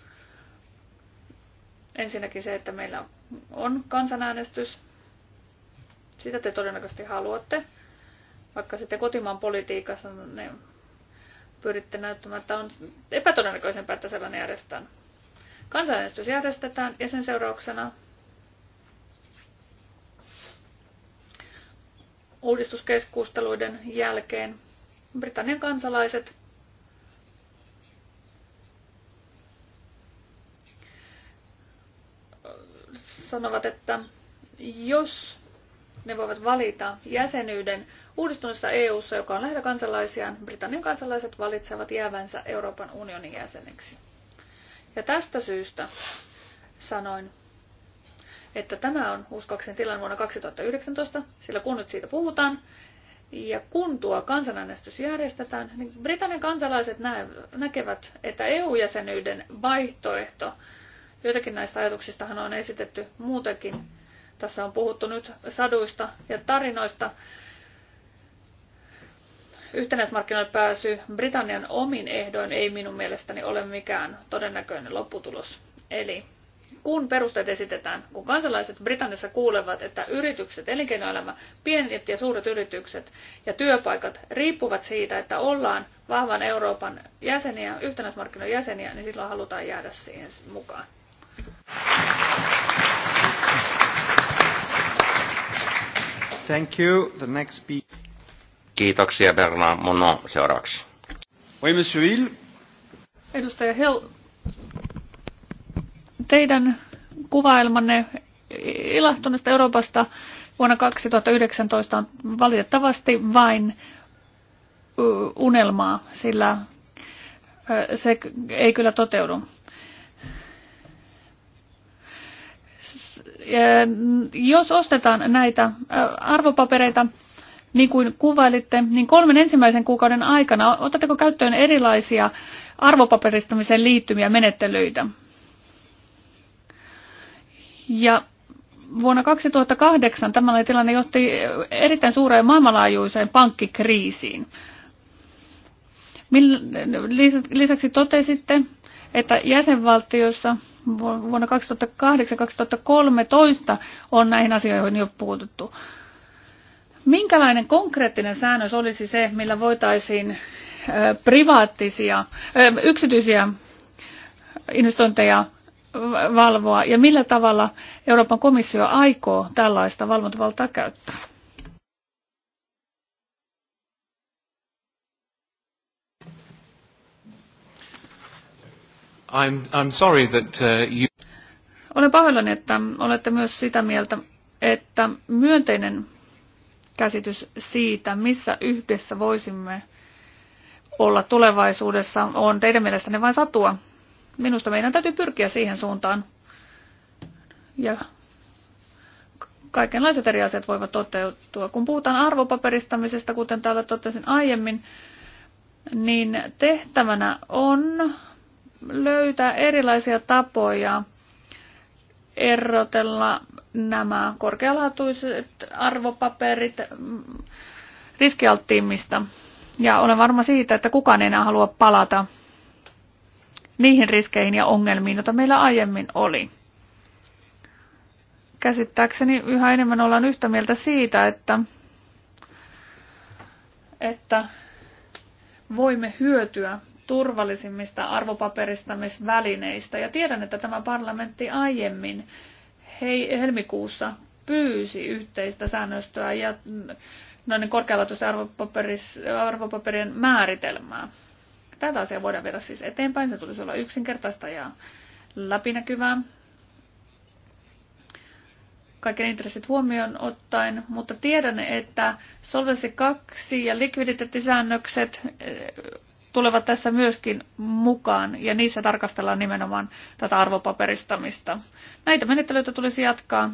Speaker 3: Ensinnäkin se, että meillä on on kansanäänestys. Sitä te todennäköisesti haluatte. Vaikka sitten kotimaan politiikassa ne pyritte näyttämään, että on epätodennäköisempää, että sellainen järjestetään. Kansanäänestys järjestetään ja sen seurauksena uudistuskeskusteluiden jälkeen Britannian kansalaiset sanovat, että jos ne voivat valita jäsenyyden uudistuneessa EU-ssa, joka on lähellä kansalaisiaan, Britannian kansalaiset valitsevat jäävänsä Euroopan unionin jäseneksi. Ja tästä syystä sanoin, että tämä on uskoakseni tilanne vuonna 2019, sillä kun nyt siitä puhutaan, ja kun tuo kansanäänestys järjestetään, niin Britannian kansalaiset näkevät, että EU-jäsenyyden vaihtoehto Joitakin näistä ajatuksistahan on esitetty muutenkin. Tässä on puhuttu nyt saduista ja tarinoista. Yhtenäismarkkinoille pääsy Britannian omin ehdoin ei minun mielestäni ole mikään todennäköinen lopputulos. Eli kun perusteet esitetään, kun kansalaiset Britanniassa kuulevat, että yritykset, elinkeinoelämä, pienet ja suuret yritykset ja työpaikat riippuvat siitä, että ollaan vahvan Euroopan jäseniä, yhtenäismarkkinoiden jäseniä, niin silloin halutaan jäädä siihen mukaan.
Speaker 1: Thank you. The next speaker.
Speaker 2: Kiitoksia Bernard Mono seuraavaksi.
Speaker 1: Oui, monsieur Hill.
Speaker 3: Edustaja Hill, teidän kuvailmanne ilahtuneesta Euroopasta vuonna 2019 on valitettavasti vain unelmaa, sillä se ei kyllä toteudu. jos ostetaan näitä arvopapereita, niin kuin kuvailitte, niin kolmen ensimmäisen kuukauden aikana otatteko käyttöön erilaisia arvopaperistamiseen liittymiä menettelyitä? Ja vuonna 2008 tämmöinen tilanne johti erittäin suureen maailmanlaajuiseen pankkikriisiin. Lisäksi totesitte, että jäsenvaltiossa Vuonna 2008-2013 on näihin asioihin jo puututtu. Minkälainen konkreettinen säännös olisi se, millä voitaisiin privaattisia, yksityisiä investointeja valvoa ja millä tavalla Euroopan komissio aikoo tällaista valvontavaltaa käyttää?
Speaker 1: I'm, I'm sorry that, uh, you...
Speaker 3: Olen pahoillani, että olette myös sitä mieltä, että myönteinen käsitys siitä, missä yhdessä voisimme olla tulevaisuudessa, on teidän mielestänne vain satua. Minusta meidän täytyy pyrkiä siihen suuntaan. Ja kaikenlaiset eri asiat voivat toteutua. Kun puhutaan arvopaperistamisesta, kuten täällä totesin aiemmin, niin tehtävänä on löytää erilaisia tapoja erotella nämä korkealaatuiset arvopaperit riskialttiimmista. Ja olen varma siitä, että kukaan enää halua palata niihin riskeihin ja ongelmiin, joita meillä aiemmin oli. Käsittääkseni yhä enemmän ollaan yhtä mieltä siitä, että, että voimme hyötyä turvallisimmista arvopaperistamisvälineistä. Ja tiedän, että tämä parlamentti aiemmin hei, helmikuussa pyysi yhteistä säännöstöä ja mm, noiden korkealaatuisten arvopaperien määritelmää. Tätä asiaa voidaan viedä siis eteenpäin. Se tulisi olla yksinkertaista ja läpinäkyvää. Kaiken intressit huomioon ottaen, mutta tiedän, että Solvency 2 ja likviditeettisäännökset tulevat tässä myöskin mukaan ja niissä tarkastellaan nimenomaan tätä arvopaperistamista. Näitä menettelyitä tulisi jatkaa.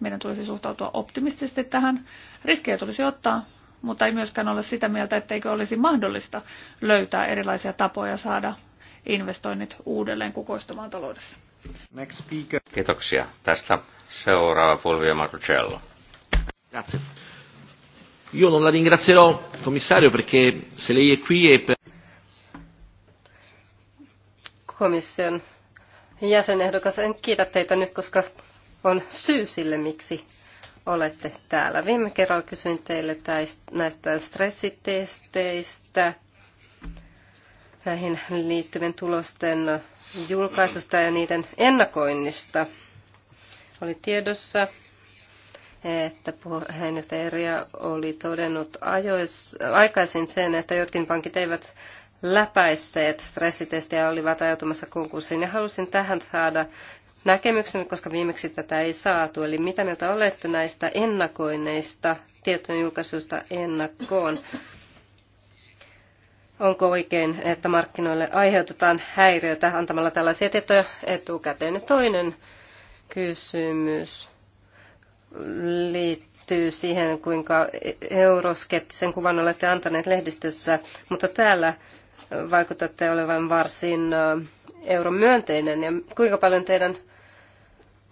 Speaker 3: Meidän tulisi suhtautua optimistisesti tähän. Riskejä tulisi ottaa, mutta ei myöskään ole sitä mieltä, etteikö olisi mahdollista löytää erilaisia tapoja saada investoinnit uudelleen kukoistamaan taloudessa.
Speaker 1: Next speaker.
Speaker 2: Kiitoksia tästä. Seuraava Fulvio Marcello.
Speaker 1: Io non la ringrazierò, commissario, perché se lei è qui è per...
Speaker 4: Komission jäsenehdokas, en kiitä teitä nyt, koska on syy sille, miksi olette täällä. Viime kerralla kysyin teille näistä stressitesteistä, näihin liittyvien tulosten julkaisusta ja niiden ennakoinnista. Oli tiedossa, että puheenjohtaja Eria oli todennut ajois, aikaisin sen, että jotkin pankit eivät läpäisseet stressitestiä olivat ajautumassa konkurssiin. Ja halusin tähän saada näkemyksen, koska viimeksi tätä ei saatu. Eli mitä mieltä olette näistä ennakoineista, tietojen julkaisuista ennakkoon? Onko oikein, että markkinoille aiheutetaan häiriötä antamalla tällaisia tietoja etukäteen? Ja toinen kysymys liittyy siihen, kuinka euroskeptisen kuvan olette antaneet lehdistössä, mutta täällä vaikutatte olevan varsin euromyönteinen. Ja kuinka paljon teidän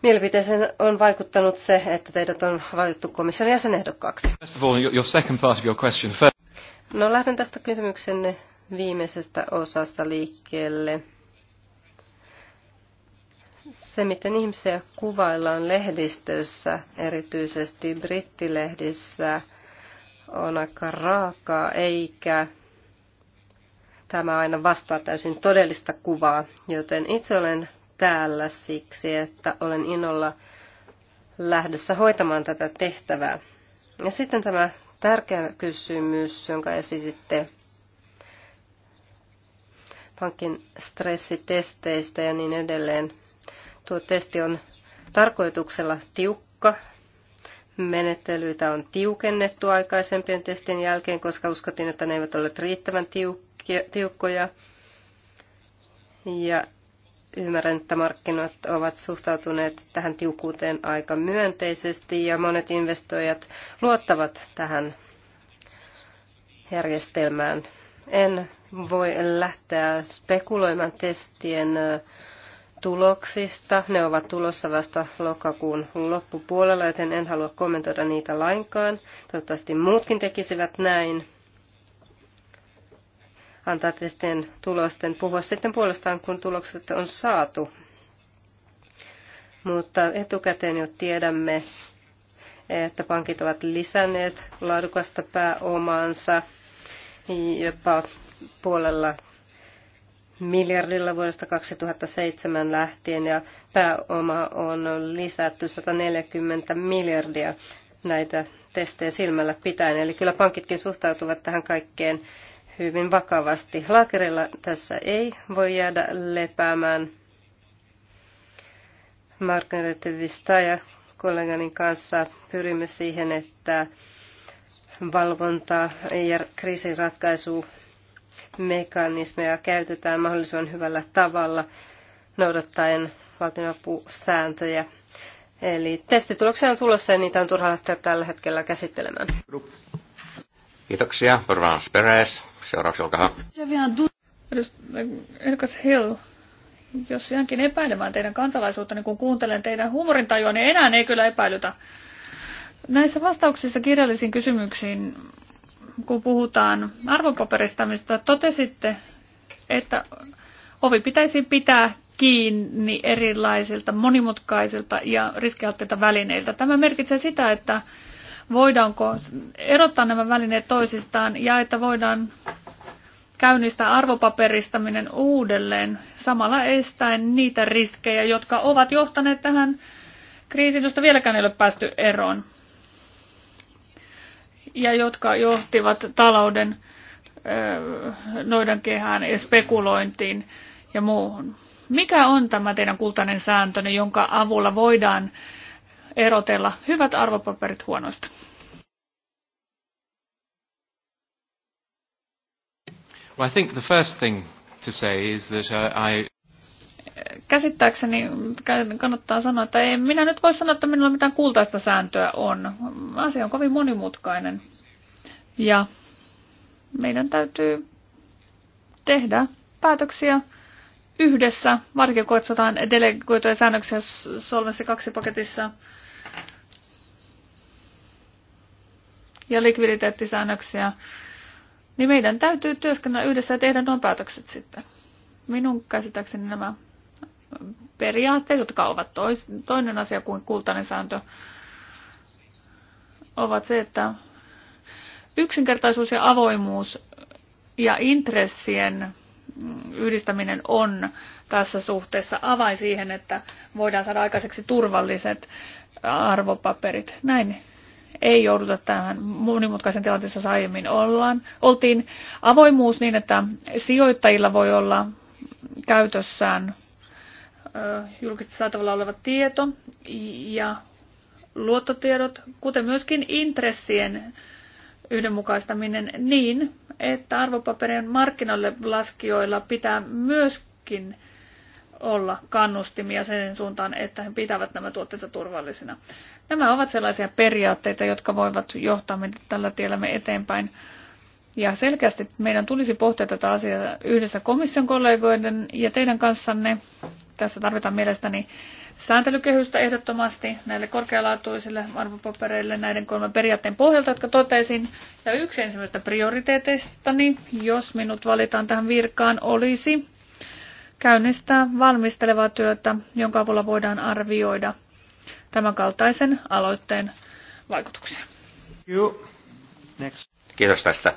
Speaker 4: mielipiteeseen on vaikuttanut se, että teidät on valittu komission jäsenehdokkaaksi?
Speaker 1: First of all, your second part of your question
Speaker 4: No lähden tästä kysymyksenne viimeisestä osasta liikkeelle. Se, miten ihmisiä kuvaillaan lehdistössä, erityisesti brittilehdissä, on aika raakaa, eikä tämä aina vastaa täysin todellista kuvaa, joten itse olen täällä siksi, että olen innolla lähdössä hoitamaan tätä tehtävää. Ja sitten tämä tärkeä kysymys, jonka esititte pankin stressitesteistä ja niin edelleen. Tuo testi on tarkoituksella tiukka. Menettelyitä on tiukennettu aikaisempien testien jälkeen, koska uskottiin, että ne eivät ole riittävän tiukkoja. Ja ymmärrän, että markkinat ovat suhtautuneet tähän tiukkuuteen aika myönteisesti ja monet investoijat luottavat tähän järjestelmään. En voi lähteä spekuloimaan testien tuloksista. Ne ovat tulossa vasta lokakuun loppupuolella, joten en halua kommentoida niitä lainkaan. Toivottavasti muutkin tekisivät näin. Antaa sitten tulosten puhua sitten puolestaan, kun tulokset on saatu. Mutta etukäteen jo tiedämme, että pankit ovat lisänneet laadukasta pääomaansa jopa puolella miljardilla vuodesta 2007 lähtien ja pääoma on lisätty 140 miljardia näitä testejä silmällä pitäen. Eli kyllä pankitkin suhtautuvat tähän kaikkeen hyvin vakavasti. Laakerilla tässä ei voi jäädä lepäämään. Margaret Vistaja kollegani kanssa pyrimme siihen, että valvonta ja kriisinratkaisu mekanismeja käytetään mahdollisimman hyvällä tavalla noudattaen valtionapusääntöjä. Eli testituloksia on tulossa ja niitä on turha lähteä tällä hetkellä käsittelemään.
Speaker 2: Kiitoksia. Pervans Speres, Seuraavaksi olkaa
Speaker 3: Edustaja Hill, jos jäänkin epäilemään teidän kansalaisuutta, niin kun kuuntelen teidän huumorintajua, niin enää ei kyllä epäilytä. Näissä vastauksissa kirjallisiin kysymyksiin kun puhutaan arvopaperistamista, totesitte, että ovi pitäisi pitää kiinni erilaisilta monimutkaisilta ja riskialttiilta välineiltä. Tämä merkitsee sitä, että voidaanko erottaa nämä välineet toisistaan ja että voidaan käynnistää arvopaperistaminen uudelleen samalla estäen niitä riskejä, jotka ovat johtaneet tähän kriisiin, josta vieläkään ei ole päästy eroon ja jotka johtivat talouden noidan kehään ja spekulointiin ja muuhun. Mikä on tämä teidän kultainen sääntöni, jonka avulla voidaan erotella hyvät arvopaperit huonoista?
Speaker 1: Well, I think the first thing to say is that uh, I
Speaker 3: käsittääkseni kannattaa sanoa, että en minä nyt voi sanoa, että minulla mitään kultaista sääntöä on. Asia on kovin monimutkainen. Ja meidän täytyy tehdä päätöksiä yhdessä, varsinkin kun katsotaan delegoituja säännöksiä Solvenssi 2 paketissa ja likviditeettisäännöksiä, niin meidän täytyy työskennellä yhdessä ja tehdä nuo päätökset sitten. Minun käsittääkseni nämä periaatteet, jotka ovat tois, toinen asia kuin kultainen sääntö, ovat se, että yksinkertaisuus ja avoimuus ja intressien yhdistäminen on tässä suhteessa avain siihen, että voidaan saada aikaiseksi turvalliset arvopaperit. Näin ei jouduta tähän monimutkaisen tilanteessa, jossa aiemmin ollaan. Oltiin avoimuus niin, että sijoittajilla voi olla käytössään julkisesti saatavilla oleva tieto ja luottotiedot, kuten myöskin intressien yhdenmukaistaminen niin, että arvopaperien markkinoille laskijoilla pitää myöskin olla kannustimia sen suuntaan, että he pitävät nämä tuotteensa turvallisina. Nämä ovat sellaisia periaatteita, jotka voivat johtaa meitä tällä tiellä me eteenpäin. Ja selkeästi meidän tulisi pohtia tätä asiaa yhdessä komission kollegoiden ja teidän kanssanne. Tässä tarvitaan mielestäni sääntelykehystä ehdottomasti näille korkealaatuisille arvopapereille näiden kolmen periaatteen pohjalta, jotka totesin. Ja yksi ensimmäistä prioriteeteistani, jos minut valitaan tähän virkaan, olisi käynnistää valmistelevaa työtä, jonka avulla voidaan arvioida kaltaisen aloitteen vaikutuksia.
Speaker 2: Kiitos tästä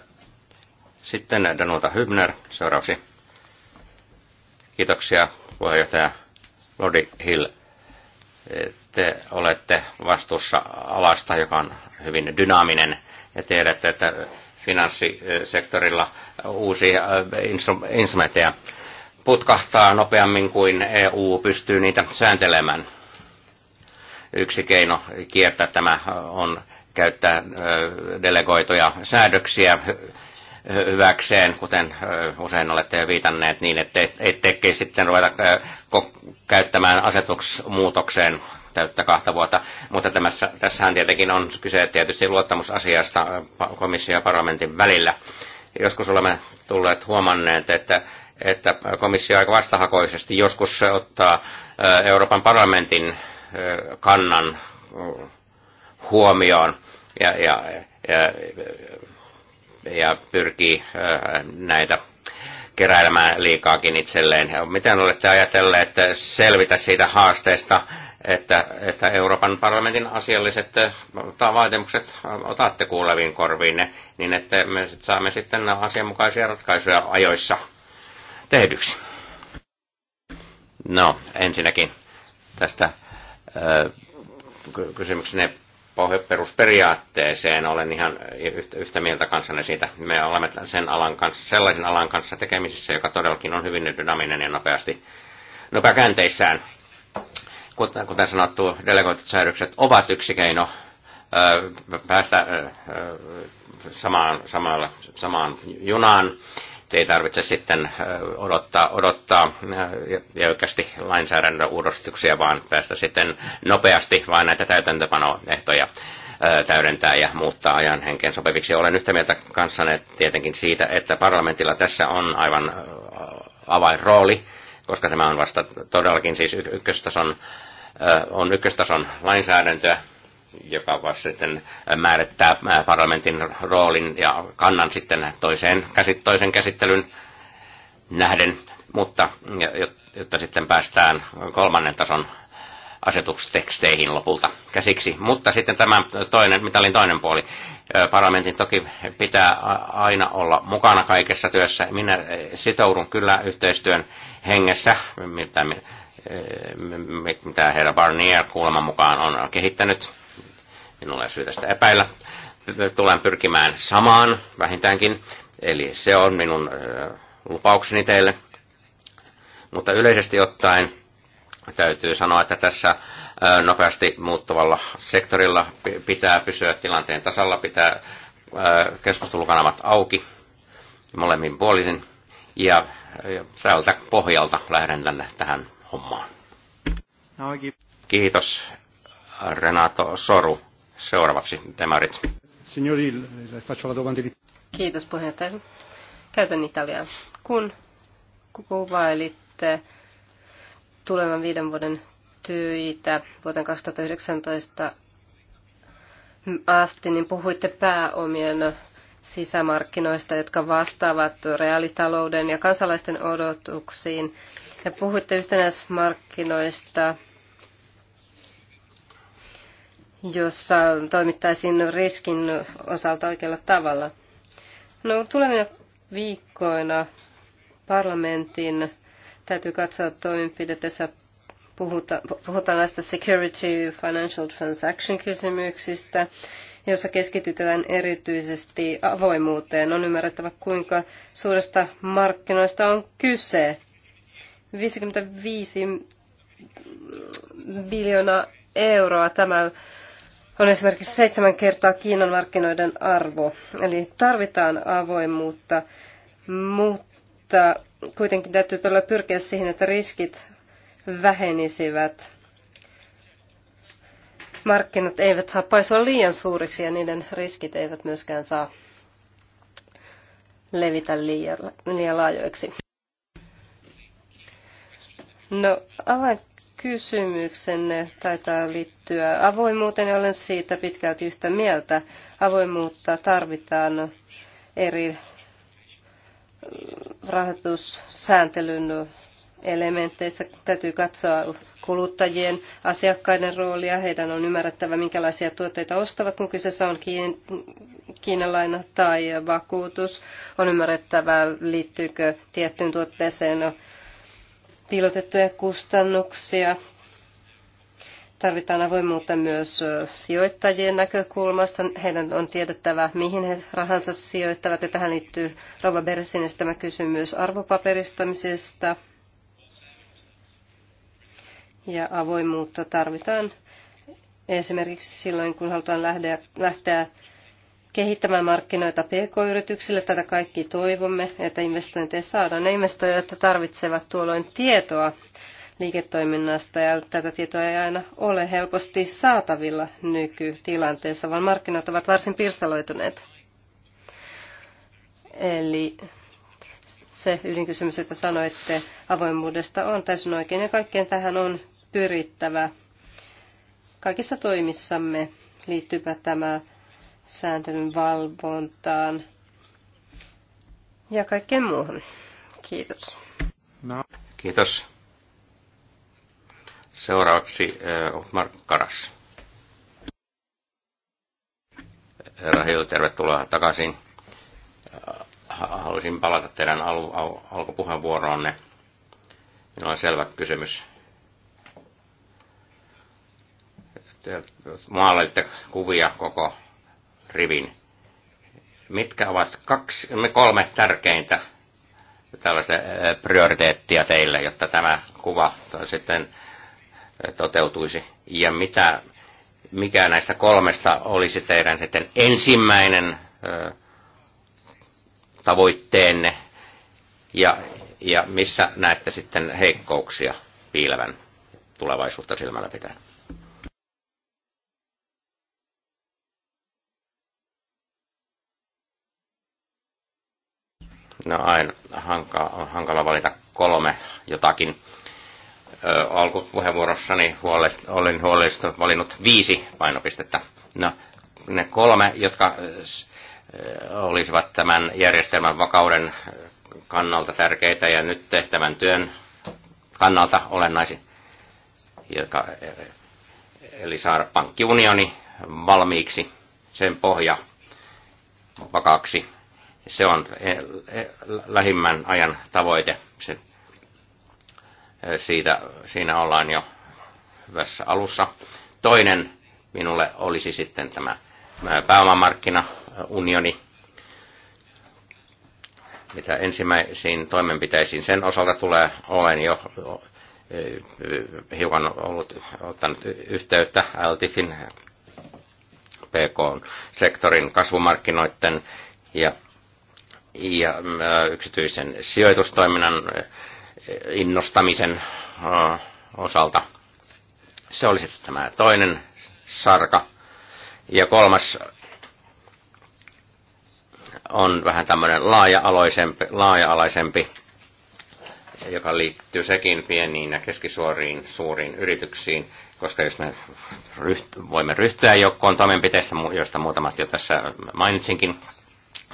Speaker 2: sitten Danuta Hybner seuraavaksi. Kiitoksia puheenjohtaja Lodi Hill. Te olette vastuussa alasta, joka on hyvin dynaaminen ja tiedätte, että finanssisektorilla uusia äh, instrumentteja putkahtaa nopeammin kuin EU pystyy niitä sääntelemään. Yksi keino kiertää tämä on käyttää äh, delegoituja säädöksiä hyväkseen, kuten usein olette jo viitanneet, niin ettei, ettei sitten ruveta käyttämään asetuksmuutokseen täyttä kahta vuotta. Mutta tämässä, tässähän tietenkin on kyse tietysti luottamusasiasta komission ja parlamentin välillä. Joskus olemme tulleet huomanneet, että että komissio aika vastahakoisesti joskus se ottaa Euroopan parlamentin kannan huomioon ja, ja, ja ja pyrkii näitä keräilemään liikaakin itselleen. Miten olette ajatelleet että selvitä siitä haasteesta, että, että Euroopan parlamentin asialliset vaatimukset otatte kuuleviin korviinne, niin että me saamme sitten asianmukaisia ratkaisuja ajoissa tehdyksi? No, ensinnäkin tästä kysymyksenne perusperiaatteeseen olen ihan yhtä mieltä kanssanne siitä. Me olemme sen alan kanssa, sellaisen alan kanssa tekemisissä, joka todellakin on hyvin dynaaminen ja nopeasti nopeakäänteissään. Kuten, kuten sanottu, delegoitut säädökset ovat yksi keino päästä samaan, samaan, samaan junaan ei tarvitse sitten odottaa, odottaa jäykästi lainsäädännön uudistuksia, vaan päästä sitten nopeasti vaan näitä täytäntöpanoehtoja täydentää ja muuttaa ajan henkeen sopiviksi. Olen yhtä mieltä kanssanne tietenkin siitä, että parlamentilla tässä on aivan avainrooli, koska tämä on vasta todellakin siis ykköstason, on ykköstason lainsäädäntöä, joka vasta sitten määrittää parlamentin roolin ja kannan sitten toiseen, toisen käsittelyn nähden, mutta jotta sitten päästään kolmannen tason asetusteksteihin lopulta käsiksi. Mutta sitten tämä toinen, mitä oli toinen puoli. Parlamentin toki pitää aina olla mukana kaikessa työssä. Minä sitoudun kyllä yhteistyön hengessä, mitä, mitä herra Barnier kuuleman mukaan on kehittänyt minulla ei syytä sitä epäillä. Tulen pyrkimään samaan vähintäänkin, eli se on minun lupaukseni teille. Mutta yleisesti ottaen täytyy sanoa, että tässä nopeasti muuttuvalla sektorilla pitää pysyä tilanteen tasalla, pitää keskustelukanavat auki molemmin puolisin. Ja, ja tältä pohjalta lähden tänne tähän hommaan. No, Kiitos Renato Soru seuraavaksi demarit.
Speaker 4: Kiitos puheenjohtaja. Käytän italiaa. Kun kuvailitte tulevan viiden vuoden työitä vuoteen 2019 asti, niin puhuitte pääomien sisämarkkinoista, jotka vastaavat reaalitalouden ja kansalaisten odotuksiin. Ja puhuitte yhtenäismarkkinoista jossa toimittaisiin riskin osalta oikealla tavalla. No, tulevina viikkoina parlamentin täytyy katsoa toimenpidetessä puhuta, puhutaan näistä security financial transaction kysymyksistä, jossa keskitytään erityisesti avoimuuteen. On ymmärrettävä, kuinka suuresta markkinoista on kyse. 55 biljoonaa euroa tämä on esimerkiksi seitsemän kertaa Kiinan markkinoiden arvo. Eli tarvitaan avoimuutta, mutta kuitenkin täytyy todella pyrkiä siihen, että riskit vähenisivät. Markkinat eivät saa paisua liian suuriksi ja niiden riskit eivät myöskään saa levitä liian, liian laajoiksi. No, avain kysymyksenne taitaa liittyä avoimuuteen ja olen siitä pitkälti yhtä mieltä. Avoimuutta tarvitaan eri rahoitussääntelyn elementeissä. Täytyy katsoa kuluttajien, asiakkaiden roolia. Heidän on ymmärrettävä, minkälaisia tuotteita ostavat, kun kyseessä on kiinalainen tai vakuutus. On ymmärrettävä, liittyykö tiettyyn tuotteeseen piilotettuja kustannuksia. Tarvitaan avoimuutta myös sijoittajien näkökulmasta. Heidän on tiedettävä, mihin he rahansa sijoittavat. Ja tähän liittyy Rova Bersin tämä kysymys arvopaperistamisesta. Ja avoimuutta tarvitaan esimerkiksi silloin, kun halutaan lähteä, lähteä kehittämään markkinoita pk-yrityksille. Tätä kaikki toivomme, että investointeja saadaan. Ne investoijat tarvitsevat tuolloin tietoa liiketoiminnasta ja tätä tietoa ei aina ole helposti saatavilla nykytilanteessa, vaan markkinat ovat varsin pirstaloituneet. Eli se ydinkysymys, jota sanoitte avoimuudesta, on täysin oikein ja kaikkeen tähän on pyrittävä. Kaikissa toimissamme liittyypä tämä sääntelyn valvontaan ja kaikkeen muuhun. Kiitos.
Speaker 2: No. Kiitos. Seuraavaksi eh, Otmar Karas. Herra Hill, tervetuloa takaisin. Eh, haluaisin palata teidän al- al- alkupuheenvuoroonne. Minulla on selvä kysymys. Te maalailitte kuvia koko rivin. Mitkä ovat kaksi, kolme tärkeintä tällaista prioriteettia teille, jotta tämä kuva sitten toteutuisi? Ja mitä, mikä näistä kolmesta olisi teidän sitten ensimmäinen tavoitteenne ja, ja missä näette sitten heikkouksia piilevän tulevaisuutta
Speaker 1: silmällä pitäen? no, aina hankala,
Speaker 2: hankala valita kolme jotakin. Ö, alkupuheenvuorossani huolest, olin huolestunut valinnut viisi painopistettä. No, ne kolme, jotka olisivat tämän järjestelmän vakauden kannalta tärkeitä ja nyt tehtävän työn kannalta olennaisin, joka, e, eli saada pankkiunioni valmiiksi, sen pohja vakaaksi se on eh, eh, lähimmän ajan tavoite. Se, eh, siitä, siinä ollaan jo hyvässä alussa. Toinen minulle olisi sitten tämä pääomamarkkinaunioni, mitä ensimmäisiin toimenpiteisiin sen osalta tulee. Olen jo hiukan ollut, ottanut yhteyttä LTFin PK-sektorin kasvumarkkinoiden ja ja äh, yksityisen sijoitustoiminnan äh, innostamisen äh, osalta. Se oli sitten tämä toinen sarka. Ja kolmas on vähän tämmöinen laaja-alaisempi, laaja-alaisempi joka liittyy sekin pieniin ja keskisuoriin suuriin yrityksiin, koska jos me ryht, voimme ryhtyä joukkoon toimenpiteistä, joista muutamat jo tässä mainitsinkin,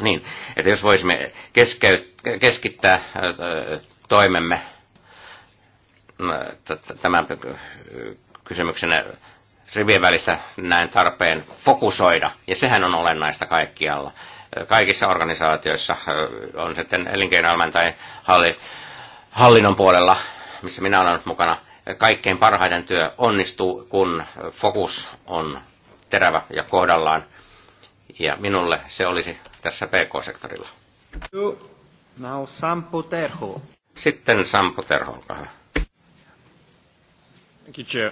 Speaker 2: niin, että jos voisimme keskeyt, keskittää äh, toimemme mm, tämän kysymyksen rivien välissä näin tarpeen fokusoida, ja sehän on olennaista kaikkialla. Kaikissa organisaatioissa, äh, on sitten elinkeinoelämän tai hallinnon puolella, missä minä olen mukana, kaikkein parhaiten työ onnistuu, kun fokus on terävä ja kohdallaan – ja minulle se olisi tässä PK-sektorilla.
Speaker 1: Now Sampo Terho.
Speaker 2: Sitten Sampo Terho, olkaa hyvä.
Speaker 1: Thank you, Chair.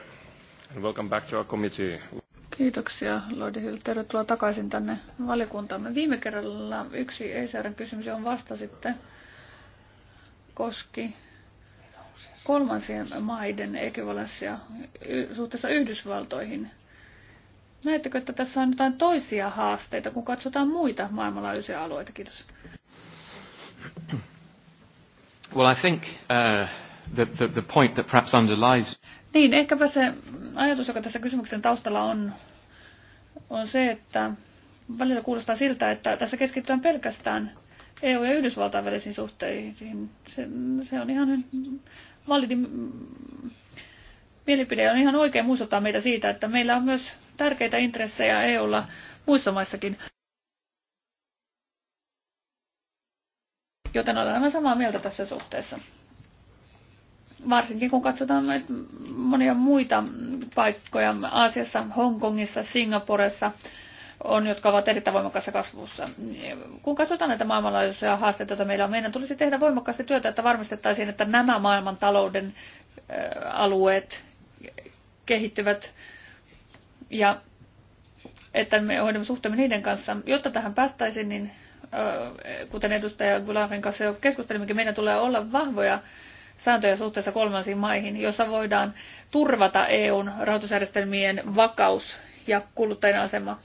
Speaker 1: And welcome back to our committee.
Speaker 3: Kiitoksia, Lordi Hill. Tervetuloa takaisin tänne valiokuntaamme. Viime kerralla yksi Eisäärän kysymys, on vasta sitten koski kolmansien maiden ekvivalenssia suhteessa Yhdysvaltoihin. Näettekö, että tässä on jotain toisia haasteita, kun katsotaan muita maailmanlaajuisia alueita? Kiitos.
Speaker 1: Well, I think uh, the, the, the point that perhaps underlies...
Speaker 3: Niin, ehkäpä se ajatus, joka tässä kysymyksen taustalla on, on se, että välillä kuulostaa siltä, että tässä keskitytään pelkästään EU- ja Yhdysvaltain välisiin suhteisiin. Se, se on ihan validi mielipide on ihan oikein muistuttaa meitä siitä, että meillä on myös tärkeitä intressejä EUlla muissa maissakin. Joten olen aivan samaa mieltä tässä suhteessa. Varsinkin kun katsotaan monia muita paikkoja Aasiassa, Hongkongissa, Singaporessa, on, jotka ovat erittäin voimakkaassa kasvussa. Kun katsotaan näitä maailmanlaajuisia haasteita, joita meillä on, meidän tulisi tehdä voimakkaasti työtä, että varmistettaisiin, että nämä maailman talouden alueet kehittyvät ja että me hoidamme suhteemme niiden kanssa. Jotta tähän päästäisiin, niin kuten edustaja Gularin kanssa jo keskustelimmekin, meidän tulee olla vahvoja sääntöjä suhteessa kolmansiin maihin, jossa voidaan turvata EUn rahoitusjärjestelmien vakaus ja kuluttajien asema.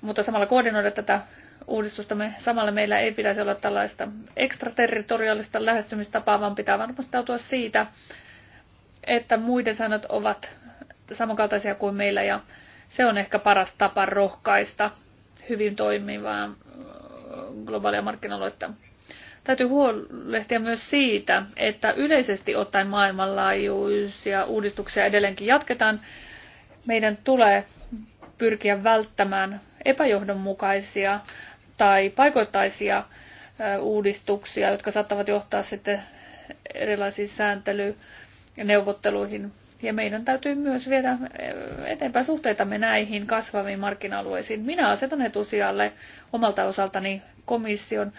Speaker 3: Mutta samalla koordinoida tätä uudistusta me, samalla meillä ei pitäisi olla tällaista ekstraterritoriaalista lähestymistapaa, vaan pitää varmistautua siitä, että muiden säännöt ovat samankaltaisia kuin meillä ja se on ehkä paras tapa rohkaista hyvin toimivaa äh, globaalia markkinaloita. Täytyy huolehtia myös siitä, että yleisesti ottaen maailmanlaajuisia uudistuksia edelleenkin jatketaan. Meidän tulee pyrkiä välttämään epäjohdonmukaisia tai paikoittaisia äh, uudistuksia, jotka saattavat johtaa sitten erilaisiin sääntelyneuvotteluihin ja meidän täytyy myös viedä eh, eteenpäin suhteitamme näihin kasvaviin markkina-alueisiin. Minä asetan etusijalle omalta osaltani komission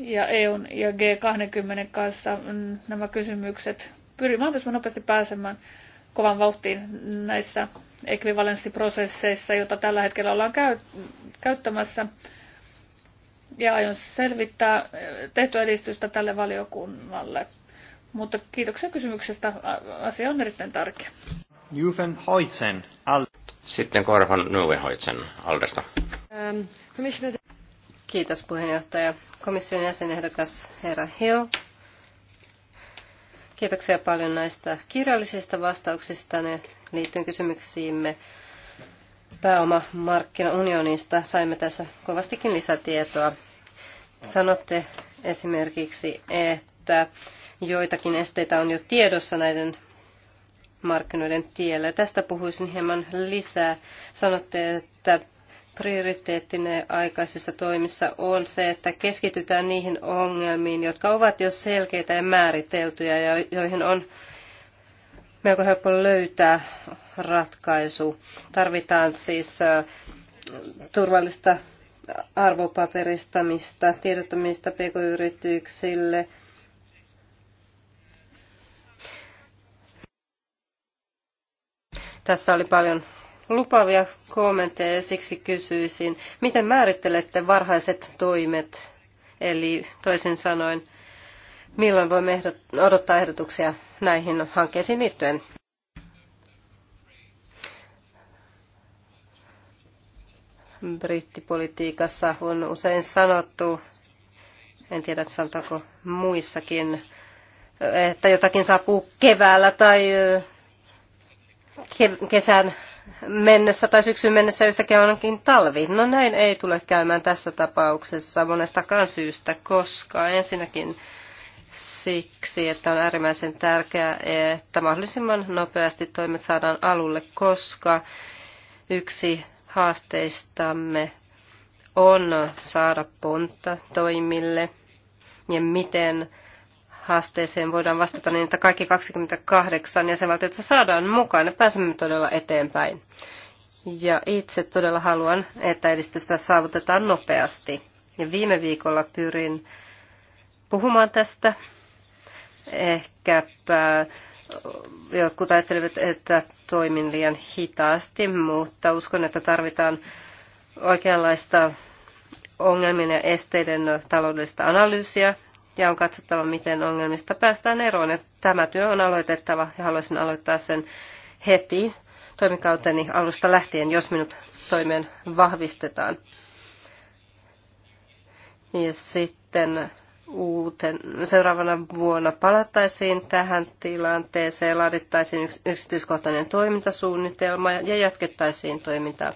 Speaker 3: ja EUn ja G20 kanssa mm, nämä kysymykset. Pyrin mahdollisimman nopeasti pääsemään kovan vauhtiin näissä ekvivalenssiprosesseissa, joita tällä hetkellä ollaan käy- käyttämässä. Ja aion selvittää eh, tehtyä edistystä tälle valiokunnalle. Mutta kiitoksia kysymyksestä. Asia on erittäin tärkeä.
Speaker 2: Juven Hoitsen. Sitten Korvan Hoitsen Aldesta.
Speaker 4: Ähm, Kiitos puheenjohtaja. Komission jäsenehdokas herra Hill. Kiitoksia paljon näistä kirjallisista vastauksista liittyen kysymyksiimme pääomamarkkinaunionista. Saimme tässä kovastikin lisätietoa. Sanotte esimerkiksi, että Joitakin esteitä on jo tiedossa näiden markkinoiden tiellä. Tästä puhuisin hieman lisää. Sanotte, että prioriteettinen aikaisissa toimissa on se, että keskitytään niihin ongelmiin, jotka ovat jo selkeitä ja määriteltyjä ja joihin on melko helppo löytää ratkaisu. Tarvitaan siis turvallista arvopaperistamista, tiedottamista pk-yrityksille – Tässä oli paljon lupavia kommentteja ja siksi kysyisin, miten määrittelette varhaiset toimet, eli toisin sanoen, milloin voimme ehdot, odottaa ehdotuksia näihin hankkeisiin liittyen? Brittipolitiikassa on usein sanottu, en tiedä sanotaanko muissakin, että jotakin saapuu keväällä tai kesän mennessä tai syksyn mennessä yhtäkkiä onkin talvi. No näin ei tule käymään tässä tapauksessa monestakaan syystä, koska ensinnäkin siksi, että on äärimmäisen tärkeää, että mahdollisimman nopeasti toimet saadaan alulle, koska yksi haasteistamme on saada pontta toimille ja miten haasteeseen voidaan vastata niin, että kaikki 28 jäsenvaltiota saadaan mukaan ja pääsemme todella eteenpäin. Ja itse todella haluan, että edistystä saavutetaan nopeasti. Ja viime viikolla pyrin puhumaan tästä. Ehkäpä jotkut ajattelivat, että toimin liian hitaasti, mutta uskon, että tarvitaan oikeanlaista ongelmien ja esteiden taloudellista analyysiä ja on katsottava, miten ongelmista päästään eroon. Ja tämä työ on aloitettava ja haluaisin aloittaa sen heti toimikauteni alusta lähtien, jos minut toimeen vahvistetaan. Ja sitten uuten, seuraavana vuonna palattaisiin tähän tilanteeseen, laadittaisiin yksityiskohtainen toimintasuunnitelma ja jatkettaisiin toimintaa.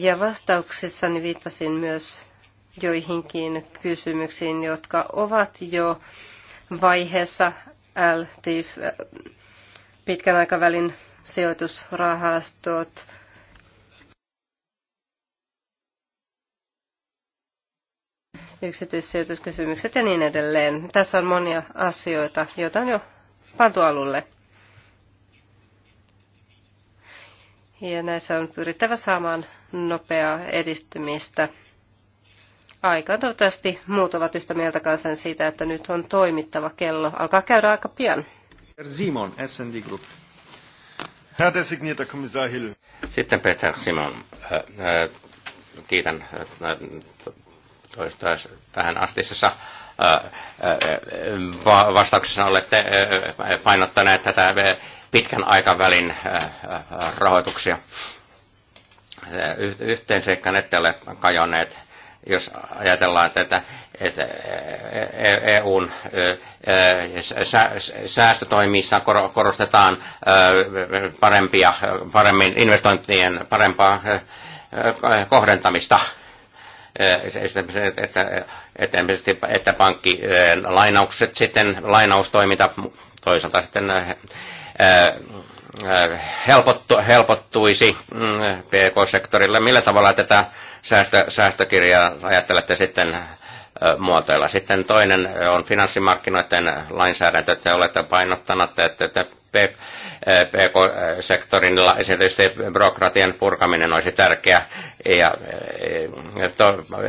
Speaker 4: Ja vastauksissani viittasin myös joihinkin kysymyksiin, jotka ovat jo vaiheessa LTIF, äh, pitkän aikavälin sijoitusrahastot, yksityissijoituskysymykset ja niin edelleen. Tässä on monia asioita, joita on jo pantu alulle. Ja näissä on pyrittävä saamaan nopeaa edistymistä. Aika Toivottavasti muut ovat yhtä mieltä kanssa siitä, että nyt on toimittava kello. Alkaa käydä aika pian.
Speaker 1: Simon, SND Group. Herr designierter Kommissar Hill.
Speaker 2: Sitten Peter Simon. Äh, äh, kiitän äh, toistaiseksi tähän astisessa vastauksessa olette painottaneet tätä pitkän aikavälin rahoituksia. Yhteen seikkaan ette ole kajonneet jos ajatellaan tätä, että EUn e, e säästötoimissa korostetaan parempia, paremmin investointien parempaa kohdentamista, että, että, että pankkilainaukset sitten, lainaustoiminta, toisaalta sitten Äh, helpottu, helpottuisi mm, pk sektorille Millä tavalla tätä säästö, säästökirjaa ajattelette sitten äh, muotoilla? Sitten toinen äh, on finanssimarkkinoiden lainsäädäntö. että olette painottaneet, että että PK-sektorin esimerkiksi byrokratian purkaminen olisi tärkeä, Ja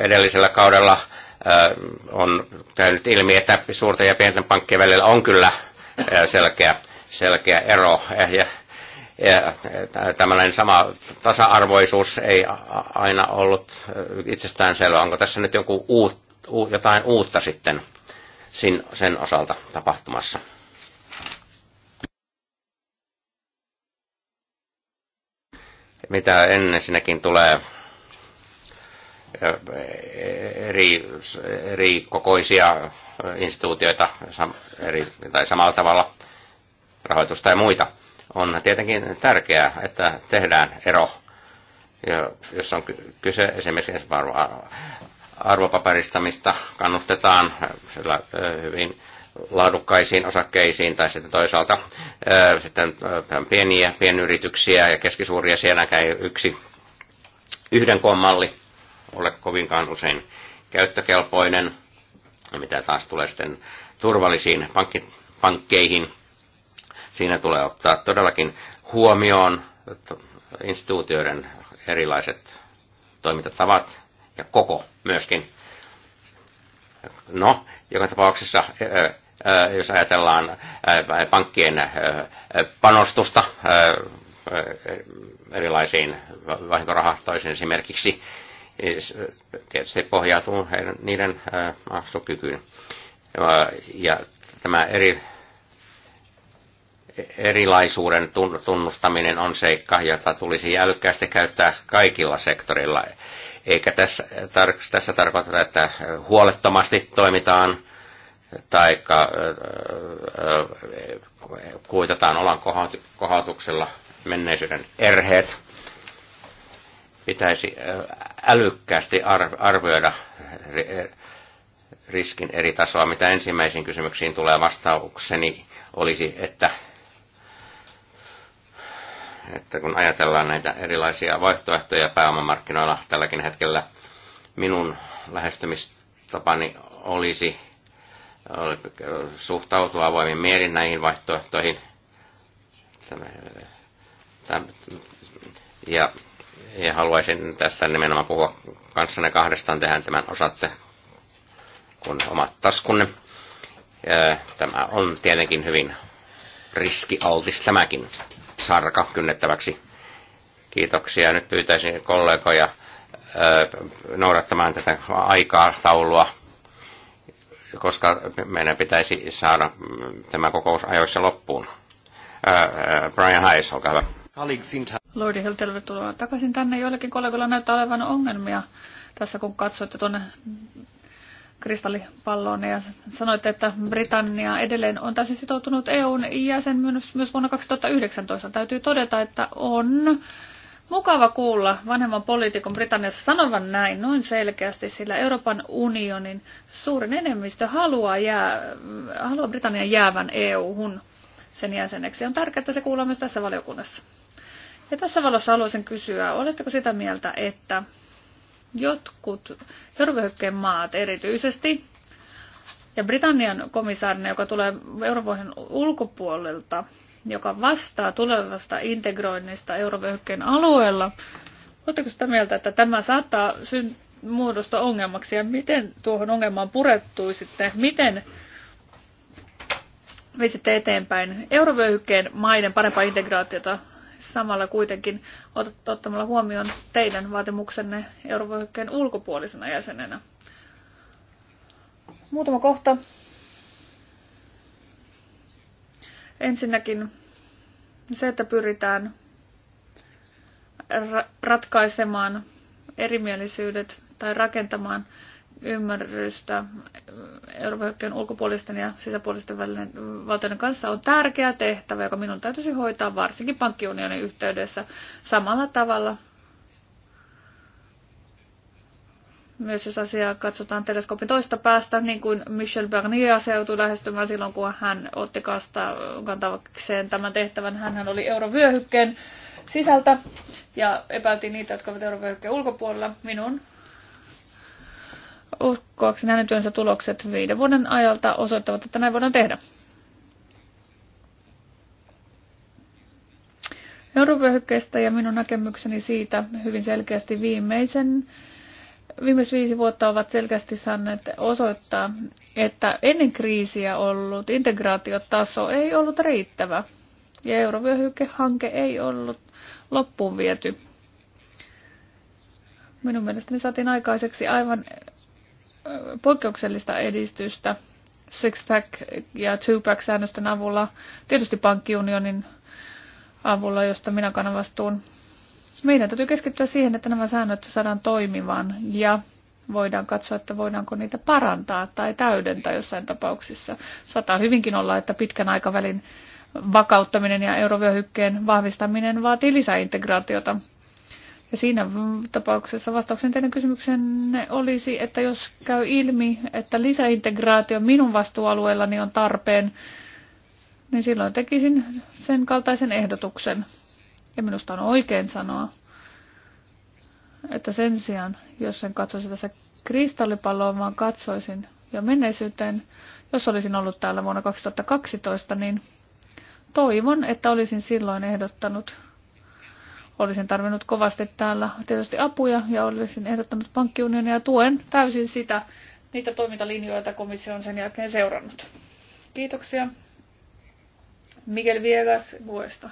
Speaker 2: edellisellä kaudella on käynyt ilmi, että suurten ja pienten pankkien välillä on kyllä selkeä selkeä ero. Ja, ja tämmöinen sama tasa-arvoisuus ei aina ollut äh, itsestäänselvä. Onko tässä nyt joku uut, u, jotain uutta sitten sin, sen osalta tapahtumassa? Mitä ensinnäkin tulee äh, eri, eri kokoisia instituutioita eri, tai samalla tavalla – rahoitusta ja muita. On tietenkin tärkeää, että tehdään ero, jos on kyse esimerkiksi arvopaperistamista, kannustetaan hyvin laadukkaisiin osakkeisiin tai sitten toisaalta sitten pieniä pienyrityksiä ja keskisuuria siellä käy yksi yhdenkään malli ole kovinkaan usein käyttökelpoinen, mitä taas tulee sitten turvallisiin pankki, pankkeihin, Siinä tulee ottaa todellakin huomioon instituutioiden erilaiset toimintatavat ja koko myöskin. No, joka tapauksessa, jos ajatellaan pankkien panostusta erilaisiin vahinkorahastoihin esimerkiksi, siis, tietysti pohjautuu heidän, niiden maksukykyyn. Ja tämä eri
Speaker 1: erilaisuuden
Speaker 2: tunnustaminen on seikka, jota tulisi jälkeästi käyttää kaikilla sektorilla. Eikä tässä, tar- tässä tarkoiteta, että huolettomasti toimitaan tai kuitataan olan kohautuksella menneisyyden erheet. Pitäisi älykkäästi arvioida riskin eri tasoa. Mitä ensimmäisiin kysymyksiin tulee vastaukseni olisi, että että kun ajatellaan näitä erilaisia vaihtoehtoja pääomamarkkinoilla tälläkin hetkellä, minun lähestymistapani olisi suhtautua avoimin mielin näihin vaihtoehtoihin. Ja, ja haluaisin tässä nimenomaan puhua kanssanne kahdestaan, tehän tämän osaatte kun omat taskunne. Tämä on tietenkin hyvin riskialtis tämäkin sarka kynnettäväksi. Kiitoksia. Nyt pyytäisin kollegoja noudattamaan tätä aikaa taulua, koska meidän pitäisi saada mm, tämä kokous ajoissa loppuun. Brian Hayes, olkaa hyvä.
Speaker 3: Lordi Hill, tervetuloa takaisin tänne. Joillakin kollegoilla näyttää olevan ongelmia tässä, kun katsoitte tuonne kristallipalloon ja sanoitte, että Britannia edelleen on täysin sitoutunut EUn jäsen myös vuonna 2019. Täytyy todeta, että on mukava kuulla vanhemman poliitikon Britanniassa sanovan näin noin selkeästi, sillä Euroopan unionin suurin enemmistö haluaa, jää, haluaa Britannian jäävän EU-hun sen jäseneksi. On tärkeää, että se kuullaan myös tässä valiokunnassa. Ja tässä valossa haluaisin kysyä, oletteko sitä mieltä, että Jotkut eurovyöhykkeen maat erityisesti, ja Britannian komissaarinen, joka tulee Euroopan ulkopuolelta, joka vastaa tulevasta integroinnista eurovyöhykkeen alueella, Oletteko sitä mieltä, että tämä saattaa syn- muodostua ongelmaksi ja miten tuohon ongelmaan purettuisitte? Miten veisitte eteenpäin eurovyöhykkeen maiden parempaa integraatiota samalla kuitenkin ot- ottamalla huomioon teidän vaatimuksenne eurovyöhykkeen ulkopuolisena jäsenenä. Muutama kohta. Ensinnäkin se, että pyritään ra- ratkaisemaan erimielisyydet tai rakentamaan – ymmärrystä Euroopan ulkopuolisten ja sisäpuolisten välinen valtioiden kanssa on tärkeä tehtävä, joka minun täytyisi hoitaa varsinkin pankkiunionin yhteydessä samalla tavalla. Myös jos asiaa katsotaan teleskoopin toista päästä, niin kuin Michel Barnier se joutui lähestymään silloin, kun hän otti kasta kantavakseen tämän tehtävän. hän oli eurovyöhykkeen sisältä ja epäiltiin niitä, jotka ovat eurovyöhykkeen ulkopuolella. Minun uskoakseni hänen työnsä tulokset viiden vuoden ajalta osoittavat, että näin voidaan tehdä. Eurovyöhykkeestä ja minun näkemykseni siitä hyvin selkeästi viimeisen viimeiset viisi vuotta ovat selkeästi saaneet osoittaa, että ennen kriisiä ollut integraatiotaso ei ollut riittävä ja eurovyöhykehanke ei ollut loppuun viety. Minun mielestäni saatiin aikaiseksi aivan poikkeuksellista edistystä six-pack ja two-pack säännösten avulla, tietysti pankkiunionin avulla, josta minä kannan vastuun. Meidän täytyy keskittyä siihen, että nämä säännöt saadaan toimivan ja voidaan katsoa, että voidaanko niitä parantaa tai täydentää jossain tapauksissa. Saattaa hyvinkin olla, että pitkän aikavälin vakauttaminen ja eurovyöhykkeen vahvistaminen vaatii lisäintegraatiota. Ja siinä tapauksessa vastauksen teidän kysymykseen olisi, että jos käy ilmi, että lisäintegraatio minun vastuualueellani on tarpeen, niin silloin tekisin sen kaltaisen ehdotuksen. Ja minusta on oikein sanoa, että sen sijaan, jos en katsoisi tässä kristallipalloa, vaan katsoisin jo menneisyyteen, jos olisin ollut täällä vuonna 2012, niin toivon, että olisin silloin ehdottanut Olisin tarvinnut kovasti täällä tietysti apuja ja olisin ehdottanut pankkiunionia ja tuen täysin sitä, niitä toimintalinjoja, joita komissio on sen jälkeen seurannut. Kiitoksia. Miguel Viegas Guesta.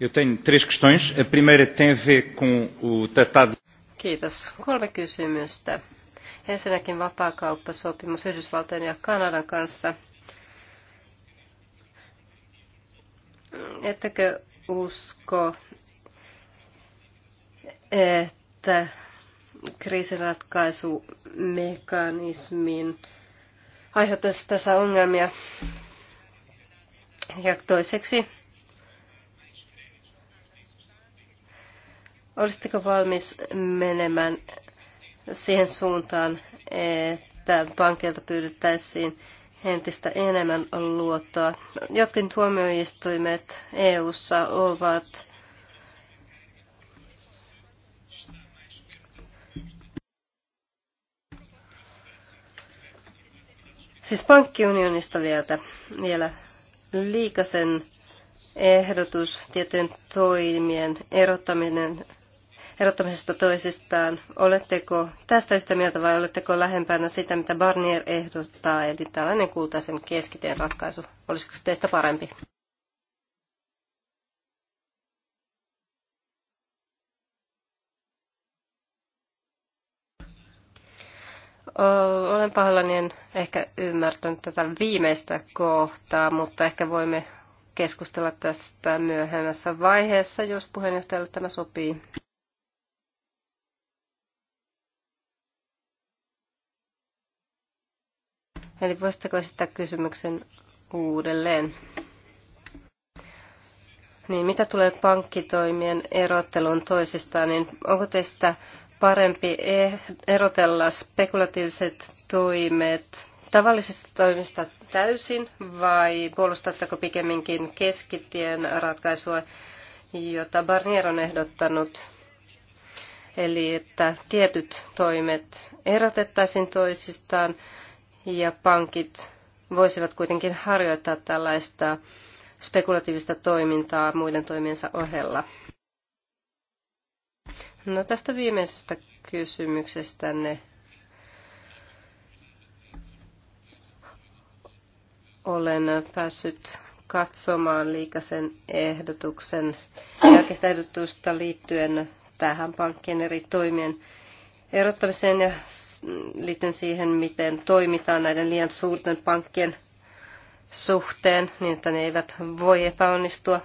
Speaker 2: Eu tenho três questões. A primeira tem a ver com o tratado.
Speaker 4: Kiitos. Kolme kysymystä. Ensinnäkin vapaakauppasopimus Yhdysvaltojen ja Kanadan kanssa. Ettäkö usko, että kriisiratkaisumekanismin aiheuttaisi tässä ongelmia. Ja toiseksi, olisitteko valmis menemään siihen suuntaan, että pankilta pyydettäisiin entistä enemmän luottoa. Jotkin tuomioistuimet EU:ssa ovat Siis pankkiunionista vielä, vielä liikasen ehdotus tietyn toimien erottaminen, erottamisesta toisistaan. Oletteko tästä yhtä mieltä vai oletteko lähempänä sitä, mitä Barnier ehdottaa, eli tällainen kultaisen keskiteen ratkaisu? Olisiko teistä parempi? Olen pahoillani, en ehkä ymmärtänyt tätä viimeistä kohtaa, mutta ehkä voimme keskustella tästä myöhemmässä vaiheessa, jos puheenjohtajalle tämä sopii. Eli voisitteko esittää kysymyksen uudelleen? Niin, mitä tulee pankkitoimien erotteluun toisistaan, niin onko teistä parempi eh- erotella spekulatiiviset toimet tavallisista toimista täysin vai puolustatteko pikemminkin keskitien ratkaisua, jota Barnier on ehdottanut? Eli että tietyt toimet erotettaisiin toisistaan ja pankit voisivat kuitenkin harjoittaa tällaista spekulatiivista toimintaa muiden toimiensa ohella. No tästä viimeisestä kysymyksestä ne olen päässyt katsomaan liikasen ehdotuksen jälkeistä ehdotusta liittyen tähän pankkien eri toimien erottamiseen ja liittyen siihen, miten toimitaan näiden liian suurten pankkien suhteen, niin että ne eivät voi epäonnistua.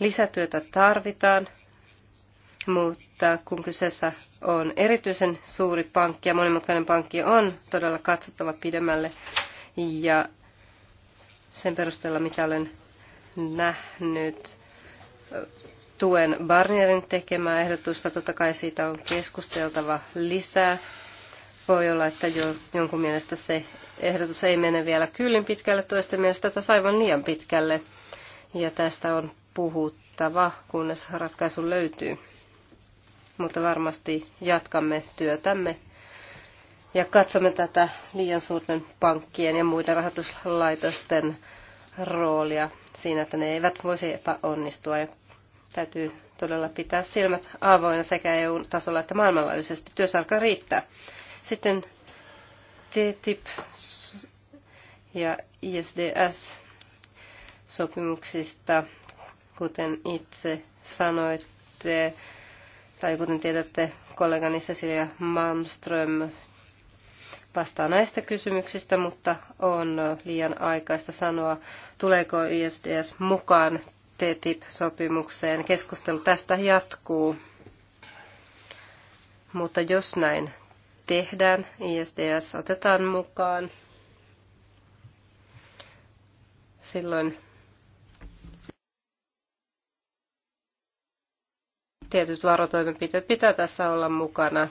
Speaker 4: Lisätyötä tarvitaan, mutta mutta kun kyseessä on erityisen suuri pankki ja monimutkainen pankki on todella katsottava pidemmälle ja sen perusteella, mitä olen nähnyt, tuen Barnierin tekemää ehdotusta. Totta kai siitä on keskusteltava lisää. Voi olla, että jo, jonkun mielestä se ehdotus ei mene vielä kyllin pitkälle, toisten mielestä tätä aivan liian pitkälle. Ja tästä on puhuttava, kunnes ratkaisu löytyy mutta varmasti jatkamme työtämme ja katsomme tätä liian suurten pankkien ja muiden rahoituslaitosten roolia siinä, että ne eivät voisi epäonnistua. Ja täytyy todella pitää silmät avoinna sekä EU-tasolla että maailmanlaajuisesti. Työsarka riittää. Sitten TTIP ja ISDS-sopimuksista, kuten itse sanoitte, tai kuten tiedätte, kollegani Cecilia Malmström vastaa näistä kysymyksistä, mutta on liian aikaista sanoa, tuleeko ISDS mukaan TTIP-sopimukseen. Keskustelu tästä jatkuu. Mutta jos näin tehdään, ISDS otetaan mukaan, silloin tietyt varotoimenpiteet pitää tässä olla mukana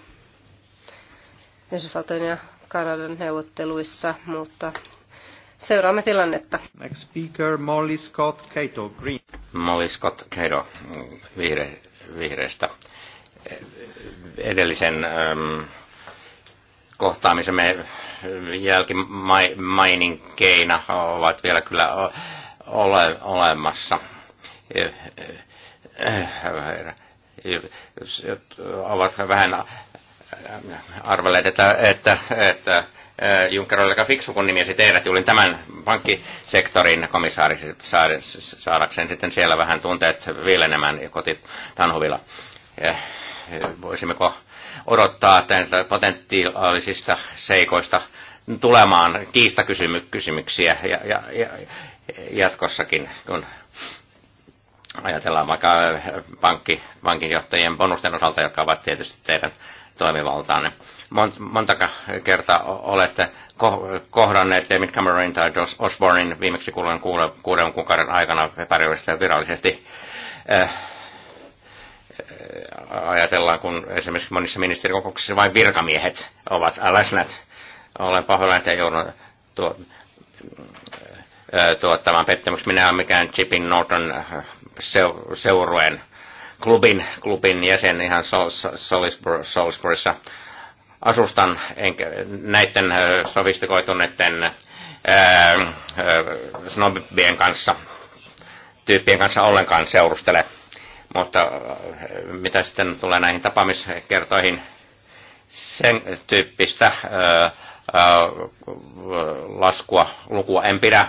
Speaker 4: Yhdysvaltojen ja Kanadan neuvotteluissa, mutta seuraamme tilannetta. Next
Speaker 1: speaker, Molly Scott Cato, Green.
Speaker 2: Molly Scott Cato, vihre, vihreistä. Edellisen ähm, kohtaamisemme jälkimaininkeina ovat vielä kyllä ole, olemassa. Äh, äh, äh, herra ovat vähän äh, arvelleet, että, että, että äh, Juncker oli aika fiksu, kun nimesi teidät. Julin tämän pankkisektorin komissaariksi saadakseen sitten siellä vähän tunteet viilenemään kotitanhuvilla. Äh, voisimmeko odottaa tästä potentiaalisista seikoista tulemaan kiistakysymyksiä ja, ja, ja, jatkossakin, kun Ajatellaan vaikka eh, pankki, pankinjohtajien bonusten osalta, jotka ovat tietysti teidän toimivaltaanne. Montaka kertaa olette kohdanneet David Cameronin tai Osbornin viimeksi kuluneen kuuden kuukauden aikana epäreilusti virallisesti virallisesti eh, eh, ajatellaan, kun esimerkiksi monissa ministerikokouksissa vain virkamiehet ovat läsnä. Olen pahoillani, että joudun tuo, tuottamaan pettymyksen. Minä olen mikään Chipin Norton seurueen klubin, klubin jäsen ihan Salisburyssa asustan enkä, näiden sofistikoituneiden snobien kanssa, tyyppien kanssa ollenkaan seurustele. Mutta mitä sitten tulee näihin tapaamiskertoihin, sen tyyppistä ää, ää, laskua, lukua en pidä.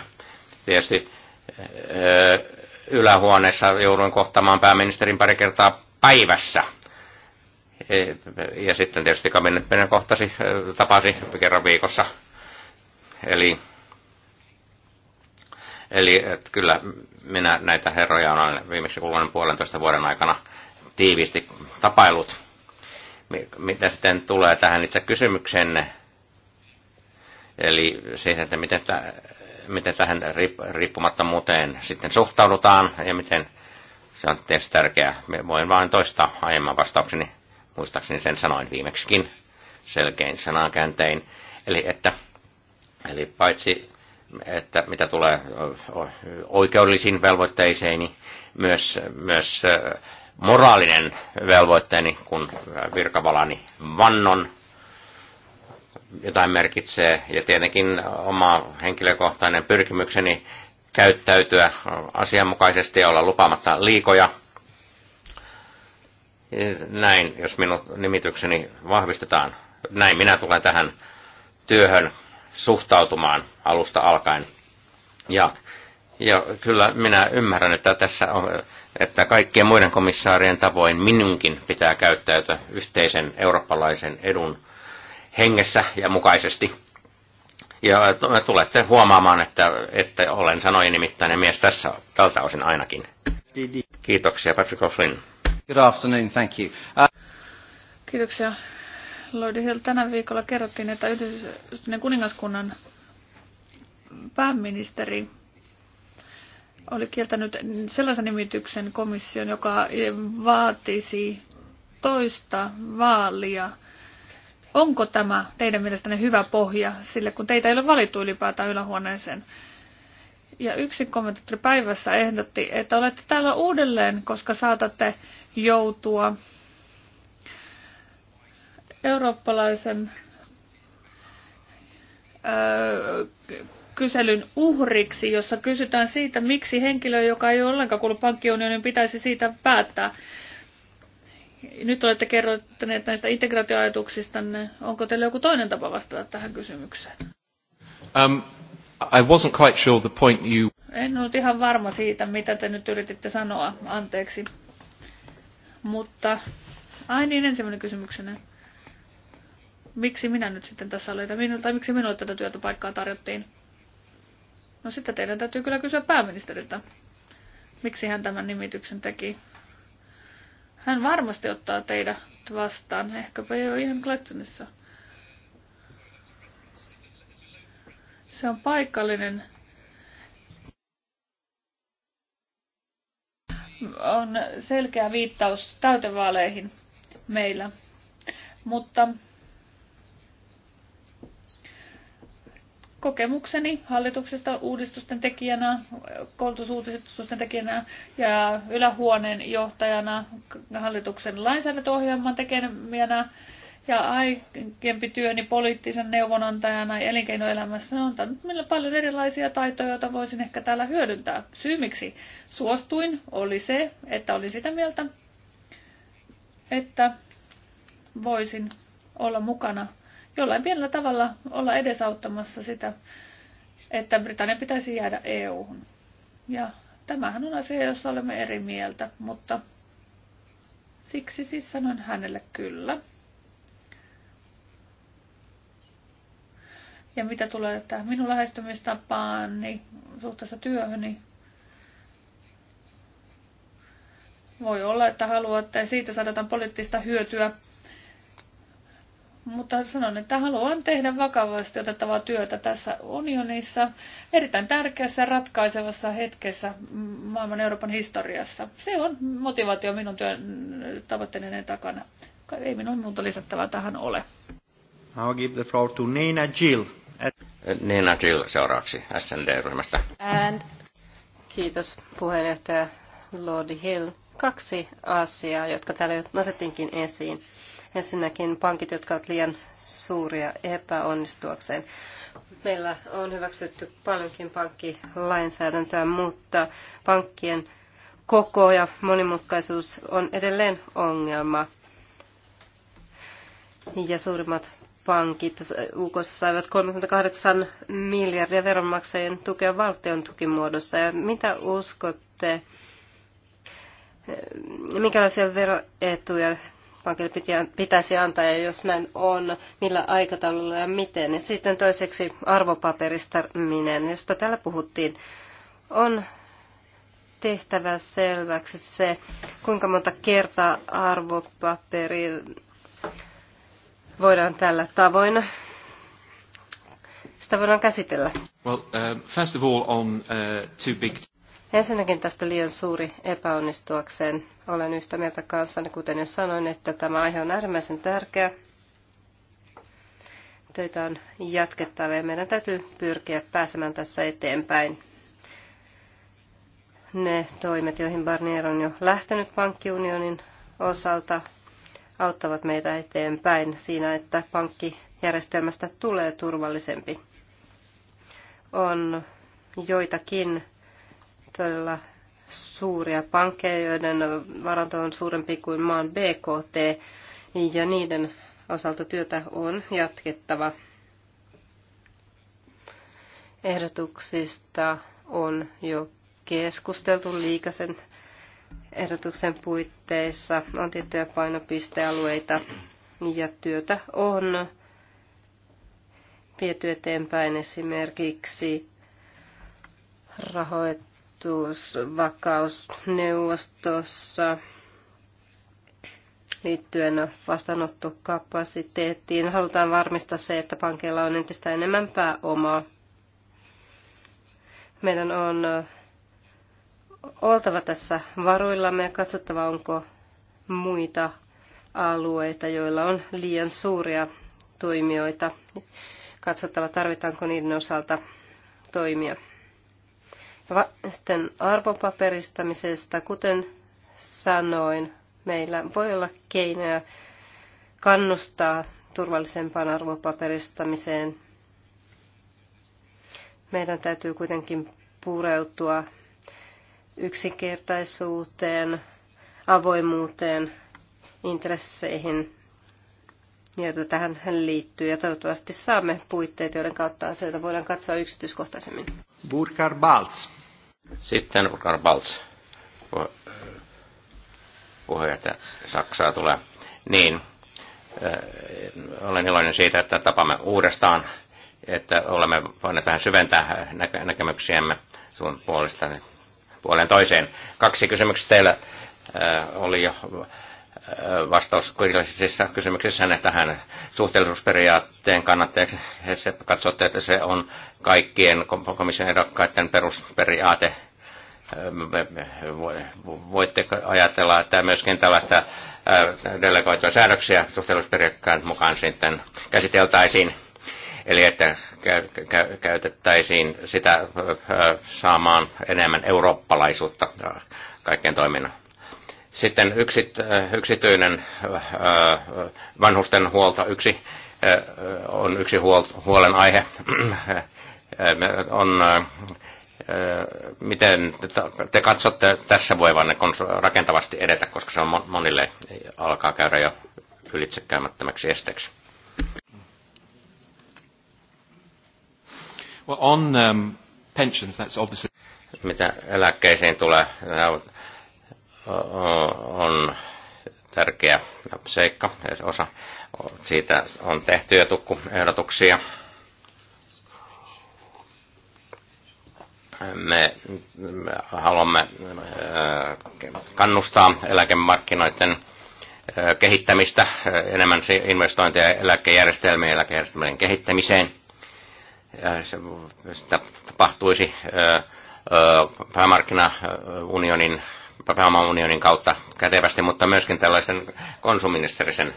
Speaker 2: Tietysti ää, ylähuoneessa jouduin kohtaamaan pääministerin pari kertaa päivässä. E, ja sitten tietysti kabinettina kohtasi, e, tapasi kerran viikossa. Eli, eli että kyllä minä näitä herroja olen viimeksi kuluvan puolentoista vuoden aikana tiiviisti tapailut. Mitä sitten tulee tähän itse kysymykseen, eli siihen, että miten tämä miten tähän riippumattomuuteen sitten suhtaudutaan ja miten se on tietysti tärkeää. Me voin vain toistaa aiemman vastaukseni, muistaakseni sen sanoin viimeksikin selkein sanankääntein. Eli, että, eli paitsi että mitä tulee oikeudellisiin velvoitteisiin, niin myös, myös moraalinen velvoitteeni, kun virkavalani vannon, jotain merkitsee. Ja tietenkin oma henkilökohtainen pyrkimykseni käyttäytyä asianmukaisesti ja olla lupaamatta liikoja. Näin, jos minun nimitykseni vahvistetaan. Näin minä tulen tähän työhön suhtautumaan alusta alkaen. Ja, ja kyllä minä ymmärrän, että tässä on, että kaikkien muiden komissaarien tavoin minunkin pitää käyttäytyä yhteisen eurooppalaisen edun hengessä ja mukaisesti. Ja tulette huomaamaan, että, että olen sanoi nimittäin mies tässä tältä osin ainakin. Kiitoksia, Patrick O'Flynn. Good afternoon, thank you. Uh...
Speaker 3: Kiitoksia. Lloyd Hill, tänä viikolla kerrottiin, että yhdistyneen kuningaskunnan pääministeri oli kieltänyt sellaisen nimityksen komission, joka vaatisi toista vaalia – Onko tämä teidän mielestänne hyvä pohja sille, kun teitä ei ole valittu ylipäätään ylähuoneeseen? Ja yksi kommentaattori päivässä ehdotti, että olette täällä uudelleen, koska saatatte joutua eurooppalaisen öö, kyselyn uhriksi, jossa kysytään siitä, miksi henkilö, joka ei ole ollenkaan kuullut pankkiunionin, pitäisi siitä päättää. Nyt olette kerrottaneet näistä integraatioajatuksistanne. Onko teillä joku toinen tapa vastata tähän kysymykseen?
Speaker 1: Um, I wasn't quite sure the point you...
Speaker 3: En ollut ihan varma siitä, mitä te nyt yrititte sanoa. Anteeksi. Mutta... Ai niin, ensimmäinen kysymyksenä. Miksi minä nyt sitten tässä olen, Tai, minu, tai miksi minulle tätä työtä paikkaa tarjottiin? No sitten teidän täytyy kyllä kysyä pääministeriltä. Miksi hän tämän nimityksen teki? Hän varmasti ottaa teidät vastaan, ehkäpä jo ihan Claptonissa. Se on paikallinen. On selkeä viittaus täytevaaleihin meillä. Mutta kokemukseni hallituksesta uudistusten tekijänä, koulutusuudistusten tekijänä ja ylähuoneen johtajana, hallituksen lainsäädäntöohjelman tekijänä ja aiempi työni poliittisen neuvonantajana ja elinkeinoelämässä on antanut minulle paljon erilaisia taitoja, joita voisin ehkä täällä hyödyntää. Syy miksi suostuin oli se, että olin sitä mieltä, että voisin olla mukana – jollain pienellä tavalla olla edesauttamassa sitä, että Britannia pitäisi jäädä EU-hun. Ja tämähän on asia, jossa olemme eri mieltä, mutta siksi siis sanon hänelle kyllä. Ja mitä tulee että minun lähestymistapaan niin suhteessa työhön, niin voi olla, että haluatte siitä saada poliittista hyötyä mutta sanon, että haluan tehdä vakavasti otettavaa työtä tässä unionissa erittäin tärkeässä ratkaisevassa hetkessä maailman Euroopan historiassa. Se on motivaatio minun työn tavoitteiden takana. Ei minun muuta lisättävää tähän ole.
Speaker 2: I'll give the floor to Nina Jill. Nina Jill seuraavaksi SND-ryhmästä.
Speaker 4: And kiitos puheenjohtaja Lordi Hill. Kaksi asiaa, jotka täällä jo otettiinkin esiin Ensinnäkin pankit, jotka ovat liian suuria epäonnistuakseen. Meillä on hyväksytty paljonkin pankkilainsäädäntöä, mutta pankkien koko ja monimutkaisuus on edelleen ongelma. Ja suurimmat pankit UK saivat 38 miljardia veronmaksajien tukea valtion tukimuodossa. Ja mitä uskotte, minkälaisia veroetuja pankille pitäisi antaa ja jos näin on, millä aikataululla ja miten. Ja sitten toiseksi arvopaperistaminen, josta täällä puhuttiin, on tehtävä selväksi se, kuinka monta kertaa arvopaperi voidaan tällä tavoin sitä voidaan käsitellä.
Speaker 1: Well, uh, first of all on uh, too big
Speaker 4: Ensinnäkin tästä liian suuri epäonnistuakseen. Olen yhtä mieltä kanssanne, kuten jo sanoin, että tämä aihe on äärimmäisen tärkeä. Töitä on jatkettava ja meidän täytyy pyrkiä pääsemään tässä eteenpäin. Ne toimet, joihin Barnier on jo lähtenyt pankkiunionin osalta, auttavat meitä eteenpäin siinä, että pankkijärjestelmästä tulee turvallisempi. On joitakin todella suuria pankkeja, joiden varanto on suurempi kuin maan BKT, ja niiden osalta työtä on jatkettava. Ehdotuksista on jo keskusteltu liikasen ehdotuksen puitteissa. On tiettyjä painopistealueita ja työtä on viety eteenpäin esimerkiksi rahoit vakausneuvostossa liittyen vastaanottokapasiteettiin. Halutaan varmistaa se, että pankeilla on entistä enemmän pääomaa. Meidän on oltava tässä varuillamme ja katsottava, onko muita alueita, joilla on liian suuria toimijoita. Katsottava, tarvitaanko niiden osalta toimia. Sitten arvopaperistamisesta, kuten sanoin, meillä voi olla keinoja kannustaa turvallisempaan arvopaperistamiseen. Meidän täytyy kuitenkin pureutua yksinkertaisuuteen, avoimuuteen, intresseihin, joita tähän liittyy. Ja toivottavasti saamme puitteet, joiden kautta asioita voidaan katsoa yksityiskohtaisemmin.
Speaker 2: Burkhard Balz. Sitten Urkan Balts, puheenjohtaja Saksaa tulee. Niin, eh, olen iloinen siitä, että tapamme uudestaan, että olemme voineet vähän syventää näkemyksiämme sun puolestani puoleen toiseen. Kaksi kysymyksiä teillä eh, oli jo vastaus kirjallisissa kysymyksissänne tähän suhteellisuusperiaatteen kannattajaksi. He katsotte, että se on kaikkien komission edokkaiden perusperiaate. Voitte ajatella, että myöskin tällaista äh, delegoitua säädöksiä suhteellisuusperiaatteen mukaan sitten käsiteltäisiin. Eli että käytettäisiin sitä äh, saamaan enemmän eurooppalaisuutta kaikkien toiminnan sitten yksit, äh, yksityinen äh, vanhusten huolta yksi, äh, on yksi huol, aihe. *clears throat* on, miten te katsotte tässä voivanne rakentavasti edetä, koska se on monille alkaa käydä jo ylitsekäymättömäksi esteeksi?
Speaker 1: Well, on um,
Speaker 2: pensions, that's obviously... Mitä eläkkeisiin tulee, on tärkeä seikka. Osa siitä on tehty jo tukkuehdotuksia. Me, me haluamme äh, kannustaa eläkemarkkinoiden äh, kehittämistä, äh, enemmän investointeja eläkejärjestelmiin, eläkejärjestelmien kehittämiseen. Se, sitä tapahtuisi päämarkkinaunionin pääomaunionin kautta kätevästi, mutta myöskin tällaisen konsuministerisen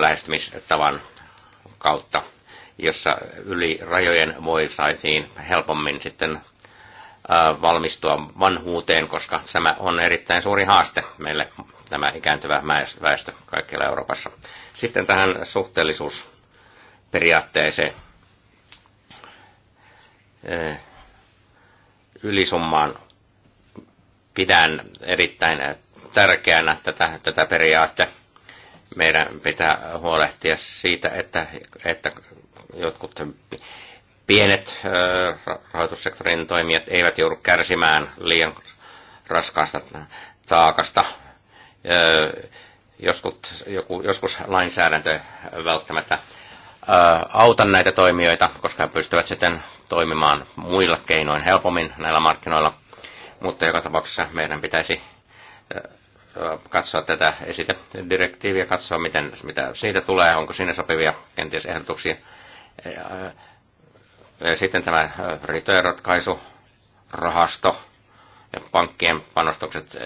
Speaker 2: lähestymistavan kautta, jossa yli rajojen voi helpommin sitten valmistua vanhuuteen, koska tämä on erittäin suuri haaste meille, tämä ikääntyvä väestö kaikkialla Euroopassa. Sitten tähän suhteellisuusperiaatteeseen ylisummaan pidän erittäin tärkeänä tätä, tätä periaatetta. Meidän pitää huolehtia siitä, että, että jotkut pienet rahoitussektorin toimijat eivät joudu kärsimään liian raskaasta taakasta. Joskus, joku, joskus lainsäädäntö välttämättä auta näitä toimijoita, koska he pystyvät sitten toimimaan muilla keinoin helpommin näillä markkinoilla. Mutta joka tapauksessa meidän pitäisi katsoa tätä esitedirektiiviä, katsoa miten, mitä siitä tulee, onko siinä sopivia kenties ehdotuksia. Sitten tämä riitojenratkaisu, rahasto ja pankkien panostukset,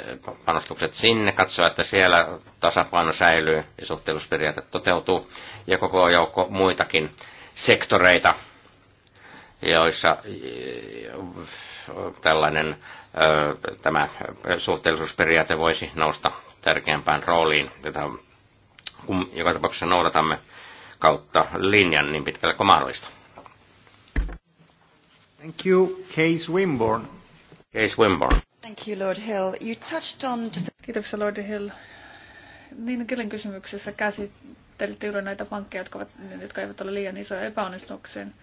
Speaker 2: panostukset sinne, katsoa, että siellä tasapaino säilyy ja suhteellisuusperiaate toteutuu ja koko joukko muitakin sektoreita, joissa eh, tällainen tämä suhteellisuusperiaate voisi nousta tärkeämpään rooliin, Tätä, kun joka tapauksessa noudatamme kautta linjan niin pitkälle kuin mahdollista.
Speaker 1: Thank you,
Speaker 2: Case Wimborne. Case Wimborne.
Speaker 3: Thank you, Lord Hill. You touched on... Kiitoksia, Lord Hill. Niin Kelen kysymyksessä käsittelitte juuri näitä pankkeja, jotka, ovat, jotka eivät ole liian isoja epäonnistukseen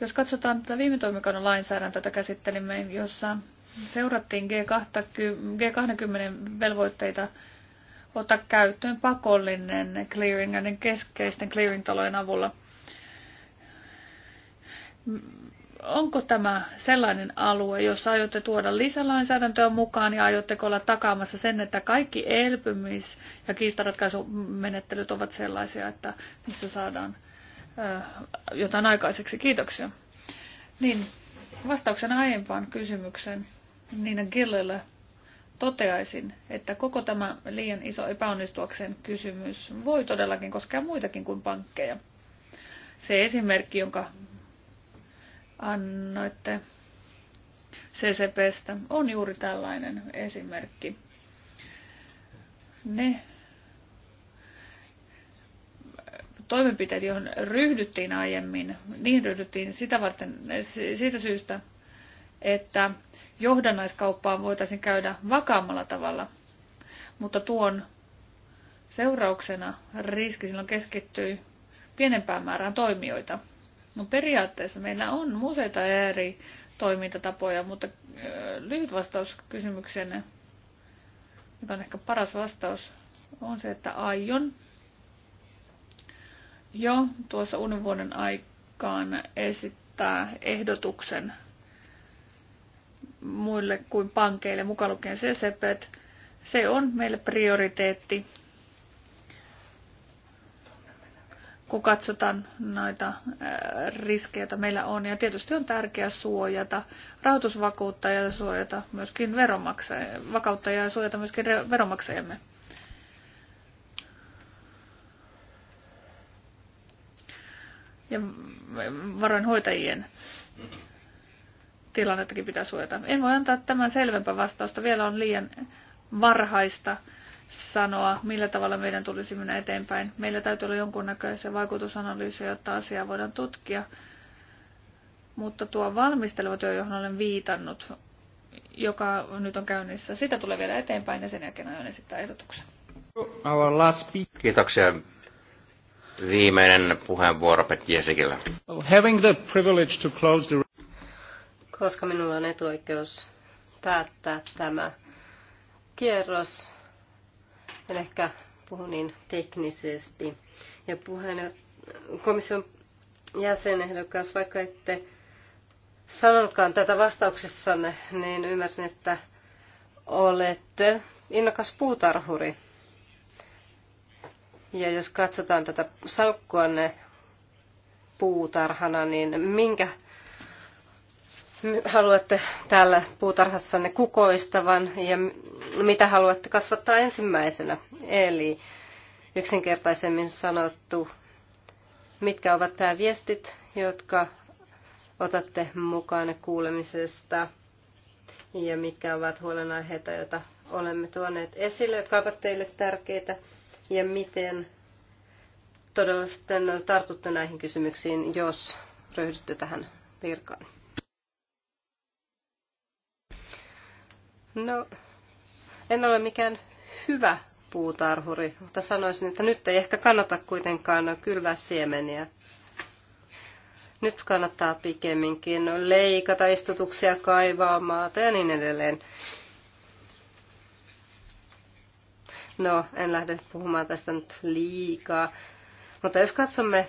Speaker 3: jos katsotaan tätä viime toimikauden lainsäädäntöä, jota käsittelimme, jossa seurattiin G20 velvoitteita ottaa käyttöön pakollinen clearing näiden keskeisten clearing-talojen avulla. Onko tämä sellainen alue, jossa aiotte tuoda lisälainsäädäntöä mukaan ja aiotteko olla takaamassa sen, että kaikki elpymis- ja kiistaratkaisumenettelyt ovat sellaisia, että niissä saadaan Äh, jotain aikaiseksi. Kiitoksia. Niin, vastauksena aiempaan kysymykseen Niina Gillille toteaisin, että koko tämä liian iso epäonnistuakseen kysymys voi todellakin koskea muitakin kuin pankkeja. Se esimerkki, jonka annoitte CCPstä, on juuri tällainen esimerkki. Ne toimenpiteet, joihin ryhdyttiin aiemmin, niihin ryhdyttiin sitä varten, siitä syystä, että johdannaiskauppaan voitaisiin käydä vakaammalla tavalla, mutta tuon seurauksena riski silloin keskittyi pienempään määrään toimijoita. No periaatteessa meillä on useita eri toimintatapoja, mutta lyhyt vastaus kysymykseen, joka on ehkä paras vastaus, on se, että aion jo tuossa vuoden aikaan esittää ehdotuksen muille kuin pankeille, mukaan lukien CCP. Se on meille prioriteetti, kun katsotaan näitä äh, riskejä, joita meillä on. Ja tietysti on tärkeää suojata rahoitusvakuutta ja suojata myöskin veronmaksajia, vakautta ja suojata myöskin veronmaksajamme. ja hoitajien tilannettakin pitää suojata. En voi antaa tämän selvempää vastausta. Vielä on liian varhaista sanoa, millä tavalla meidän tulisi mennä eteenpäin. Meillä täytyy olla jonkunnäköisiä vaikutusanalyysejä, jotta asiaa voidaan tutkia. Mutta tuo työ, johon olen viitannut, joka nyt on käynnissä, sitä tulee vielä eteenpäin ja sen jälkeen aion esittää ehdotuksen.
Speaker 2: Kiitoksia Viimeinen puheenvuoro Petti Jesikillä.
Speaker 1: Having the privilege to close the...
Speaker 4: Koska minulla on etuoikeus päättää tämä kierros, en ehkä puhu niin teknisesti. Ja puheen, komission jäsenehdokas, vaikka ette sanonkaan tätä vastauksessanne, niin ymmärsin, että olette innokas puutarhuri. Ja jos katsotaan tätä salkkuanne puutarhana, niin minkä haluatte täällä puutarhassanne kukoistavan ja mitä haluatte kasvattaa ensimmäisenä? Eli yksinkertaisemmin sanottu, mitkä ovat pääviestit, jotka otatte mukaan kuulemisesta ja mitkä ovat huolenaiheita, joita olemme tuoneet esille, jotka ovat teille tärkeitä – ja miten todella sitten tartutte näihin kysymyksiin, jos ryhdytte tähän virkaan? No, en ole mikään hyvä puutarhuri, mutta sanoisin, että nyt ei ehkä kannata kuitenkaan kylvää siemeniä. Nyt kannattaa pikemminkin leikata istutuksia, kaivaa maata ja niin edelleen. No, en lähde puhumaan tästä nyt liikaa. Mutta jos katsomme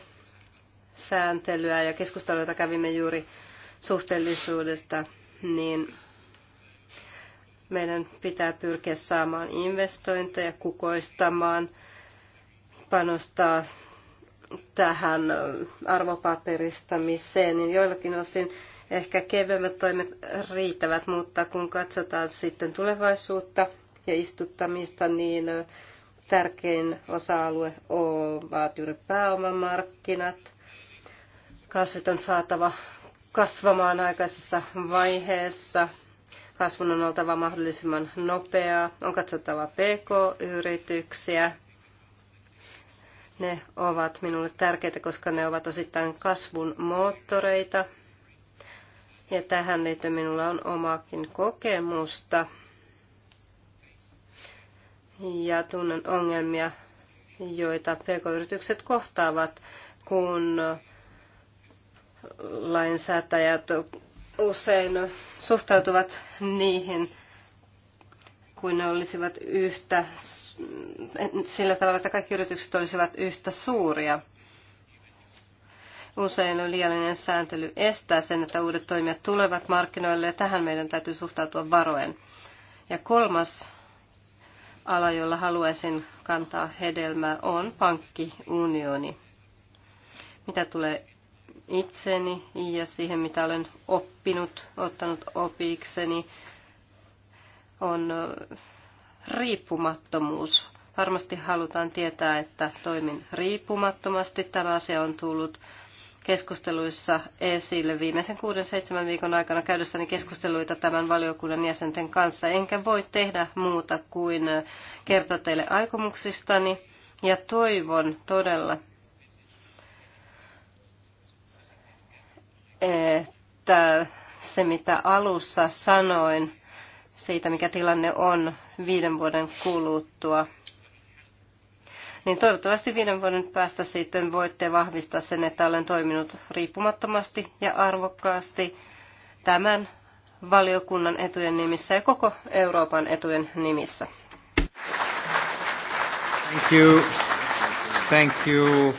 Speaker 4: sääntelyä ja keskustelua, jota kävimme juuri suhteellisuudesta, niin meidän pitää pyrkiä saamaan investointeja, kukoistamaan, panostaa tähän arvopaperistamiseen, niin joillakin osin ehkä kevyemmät toimet riittävät, mutta kun katsotaan sitten tulevaisuutta, ja istuttamista, niin tärkein osa-alue ovat juuri pääomamarkkinat. Kasvit on saatava kasvamaan aikaisessa vaiheessa. Kasvun on oltava mahdollisimman nopeaa. On katsottava PK-yrityksiä. Ne ovat minulle tärkeitä, koska ne ovat osittain kasvun moottoreita. Ja tähän liittyen minulla on omaakin kokemusta ja tunnen ongelmia, joita pk-yritykset kohtaavat, kun lainsäätäjät usein suhtautuvat niihin kuin ne olisivat yhtä, sillä tavalla, että kaikki yritykset olisivat yhtä suuria. Usein liiallinen sääntely estää sen, että uudet toimijat tulevat markkinoille ja tähän meidän täytyy suhtautua varoen. Ja kolmas ala, jolla haluaisin kantaa hedelmää, on pankkiunioni. Mitä tulee itseni ja siihen, mitä olen oppinut, ottanut opikseni, on äh, riippumattomuus. Varmasti halutaan tietää, että toimin riippumattomasti. Tämä asia on tullut keskusteluissa esille viimeisen kuuden seitsemän viikon aikana käydessäni keskusteluita tämän valiokunnan jäsenten kanssa. Enkä voi tehdä muuta kuin kertoa teille aikomuksistani ja toivon todella, että se mitä alussa sanoin siitä, mikä tilanne on viiden vuoden kuluttua, niin toivottavasti viiden vuoden päästä sitten voitte vahvistaa sen, että olen toiminut riippumattomasti ja arvokkaasti tämän valiokunnan etujen nimissä ja koko Euroopan etujen nimissä.
Speaker 1: Thank you. Thank you.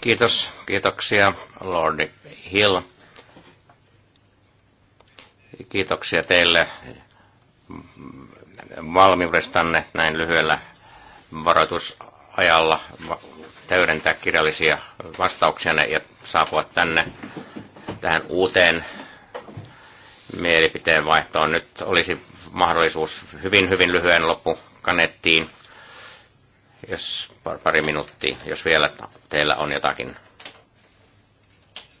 Speaker 2: Kiitos, kiitoksia Lordi Hill. Kiitoksia teille valmiudestanne näin lyhyellä varoitusajalla täydentää kirjallisia vastauksia ja saapua tänne tähän uuteen mielipiteen vaihtoon. Nyt olisi mahdollisuus hyvin, hyvin lyhyen loppukaneettiin, jos pari minuuttia, jos vielä teillä on jotakin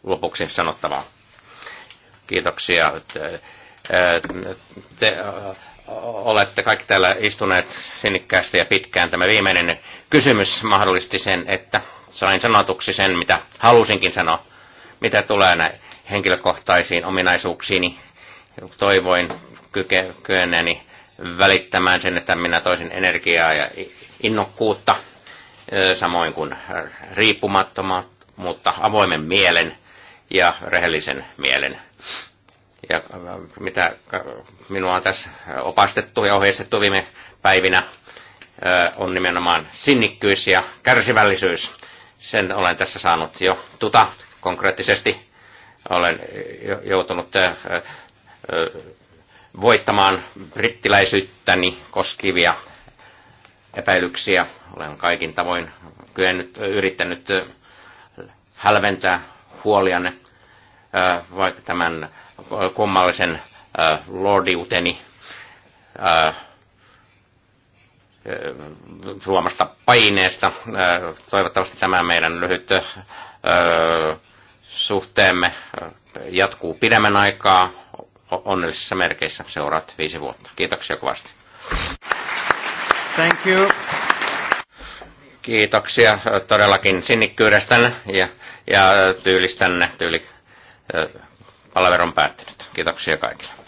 Speaker 2: lopuksi sanottavaa. Kiitoksia. Te, te, olette kaikki täällä istuneet sinnikkäästi ja pitkään. Tämä viimeinen kysymys mahdollisti sen, että sain sanotuksi sen, mitä halusinkin sanoa. Mitä tulee näin henkilökohtaisiin ominaisuuksiini, toivoin kyke, kyenneeni välittämään sen, että minä toisin energiaa ja innokkuutta, samoin kuin mutta avoimen mielen ja rehellisen mielen ja äh, mitä minua on tässä opastettu ja ohjeistettu viime päivinä, äh, on nimenomaan sinnikkyys ja kärsivällisyys. Sen olen tässä saanut jo tuta konkreettisesti. Olen joutunut äh, voittamaan brittiläisyyttäni koskivia epäilyksiä. Olen kaikin tavoin kyennyt, yrittänyt hälventää huolianne vaikka tämän kummallisen lordiuteni suomasta paineesta. Toivottavasti tämä meidän lyhyt suhteemme jatkuu pidemmän aikaa onnellisissa merkeissä seuraat viisi vuotta. Kiitoksia kovasti. Thank you. Kiitoksia todellakin sinnikkyydestänne ja, ja tyylistänne, tyyli, Palaveron päättynyt. Kiitoksia
Speaker 1: kaikille.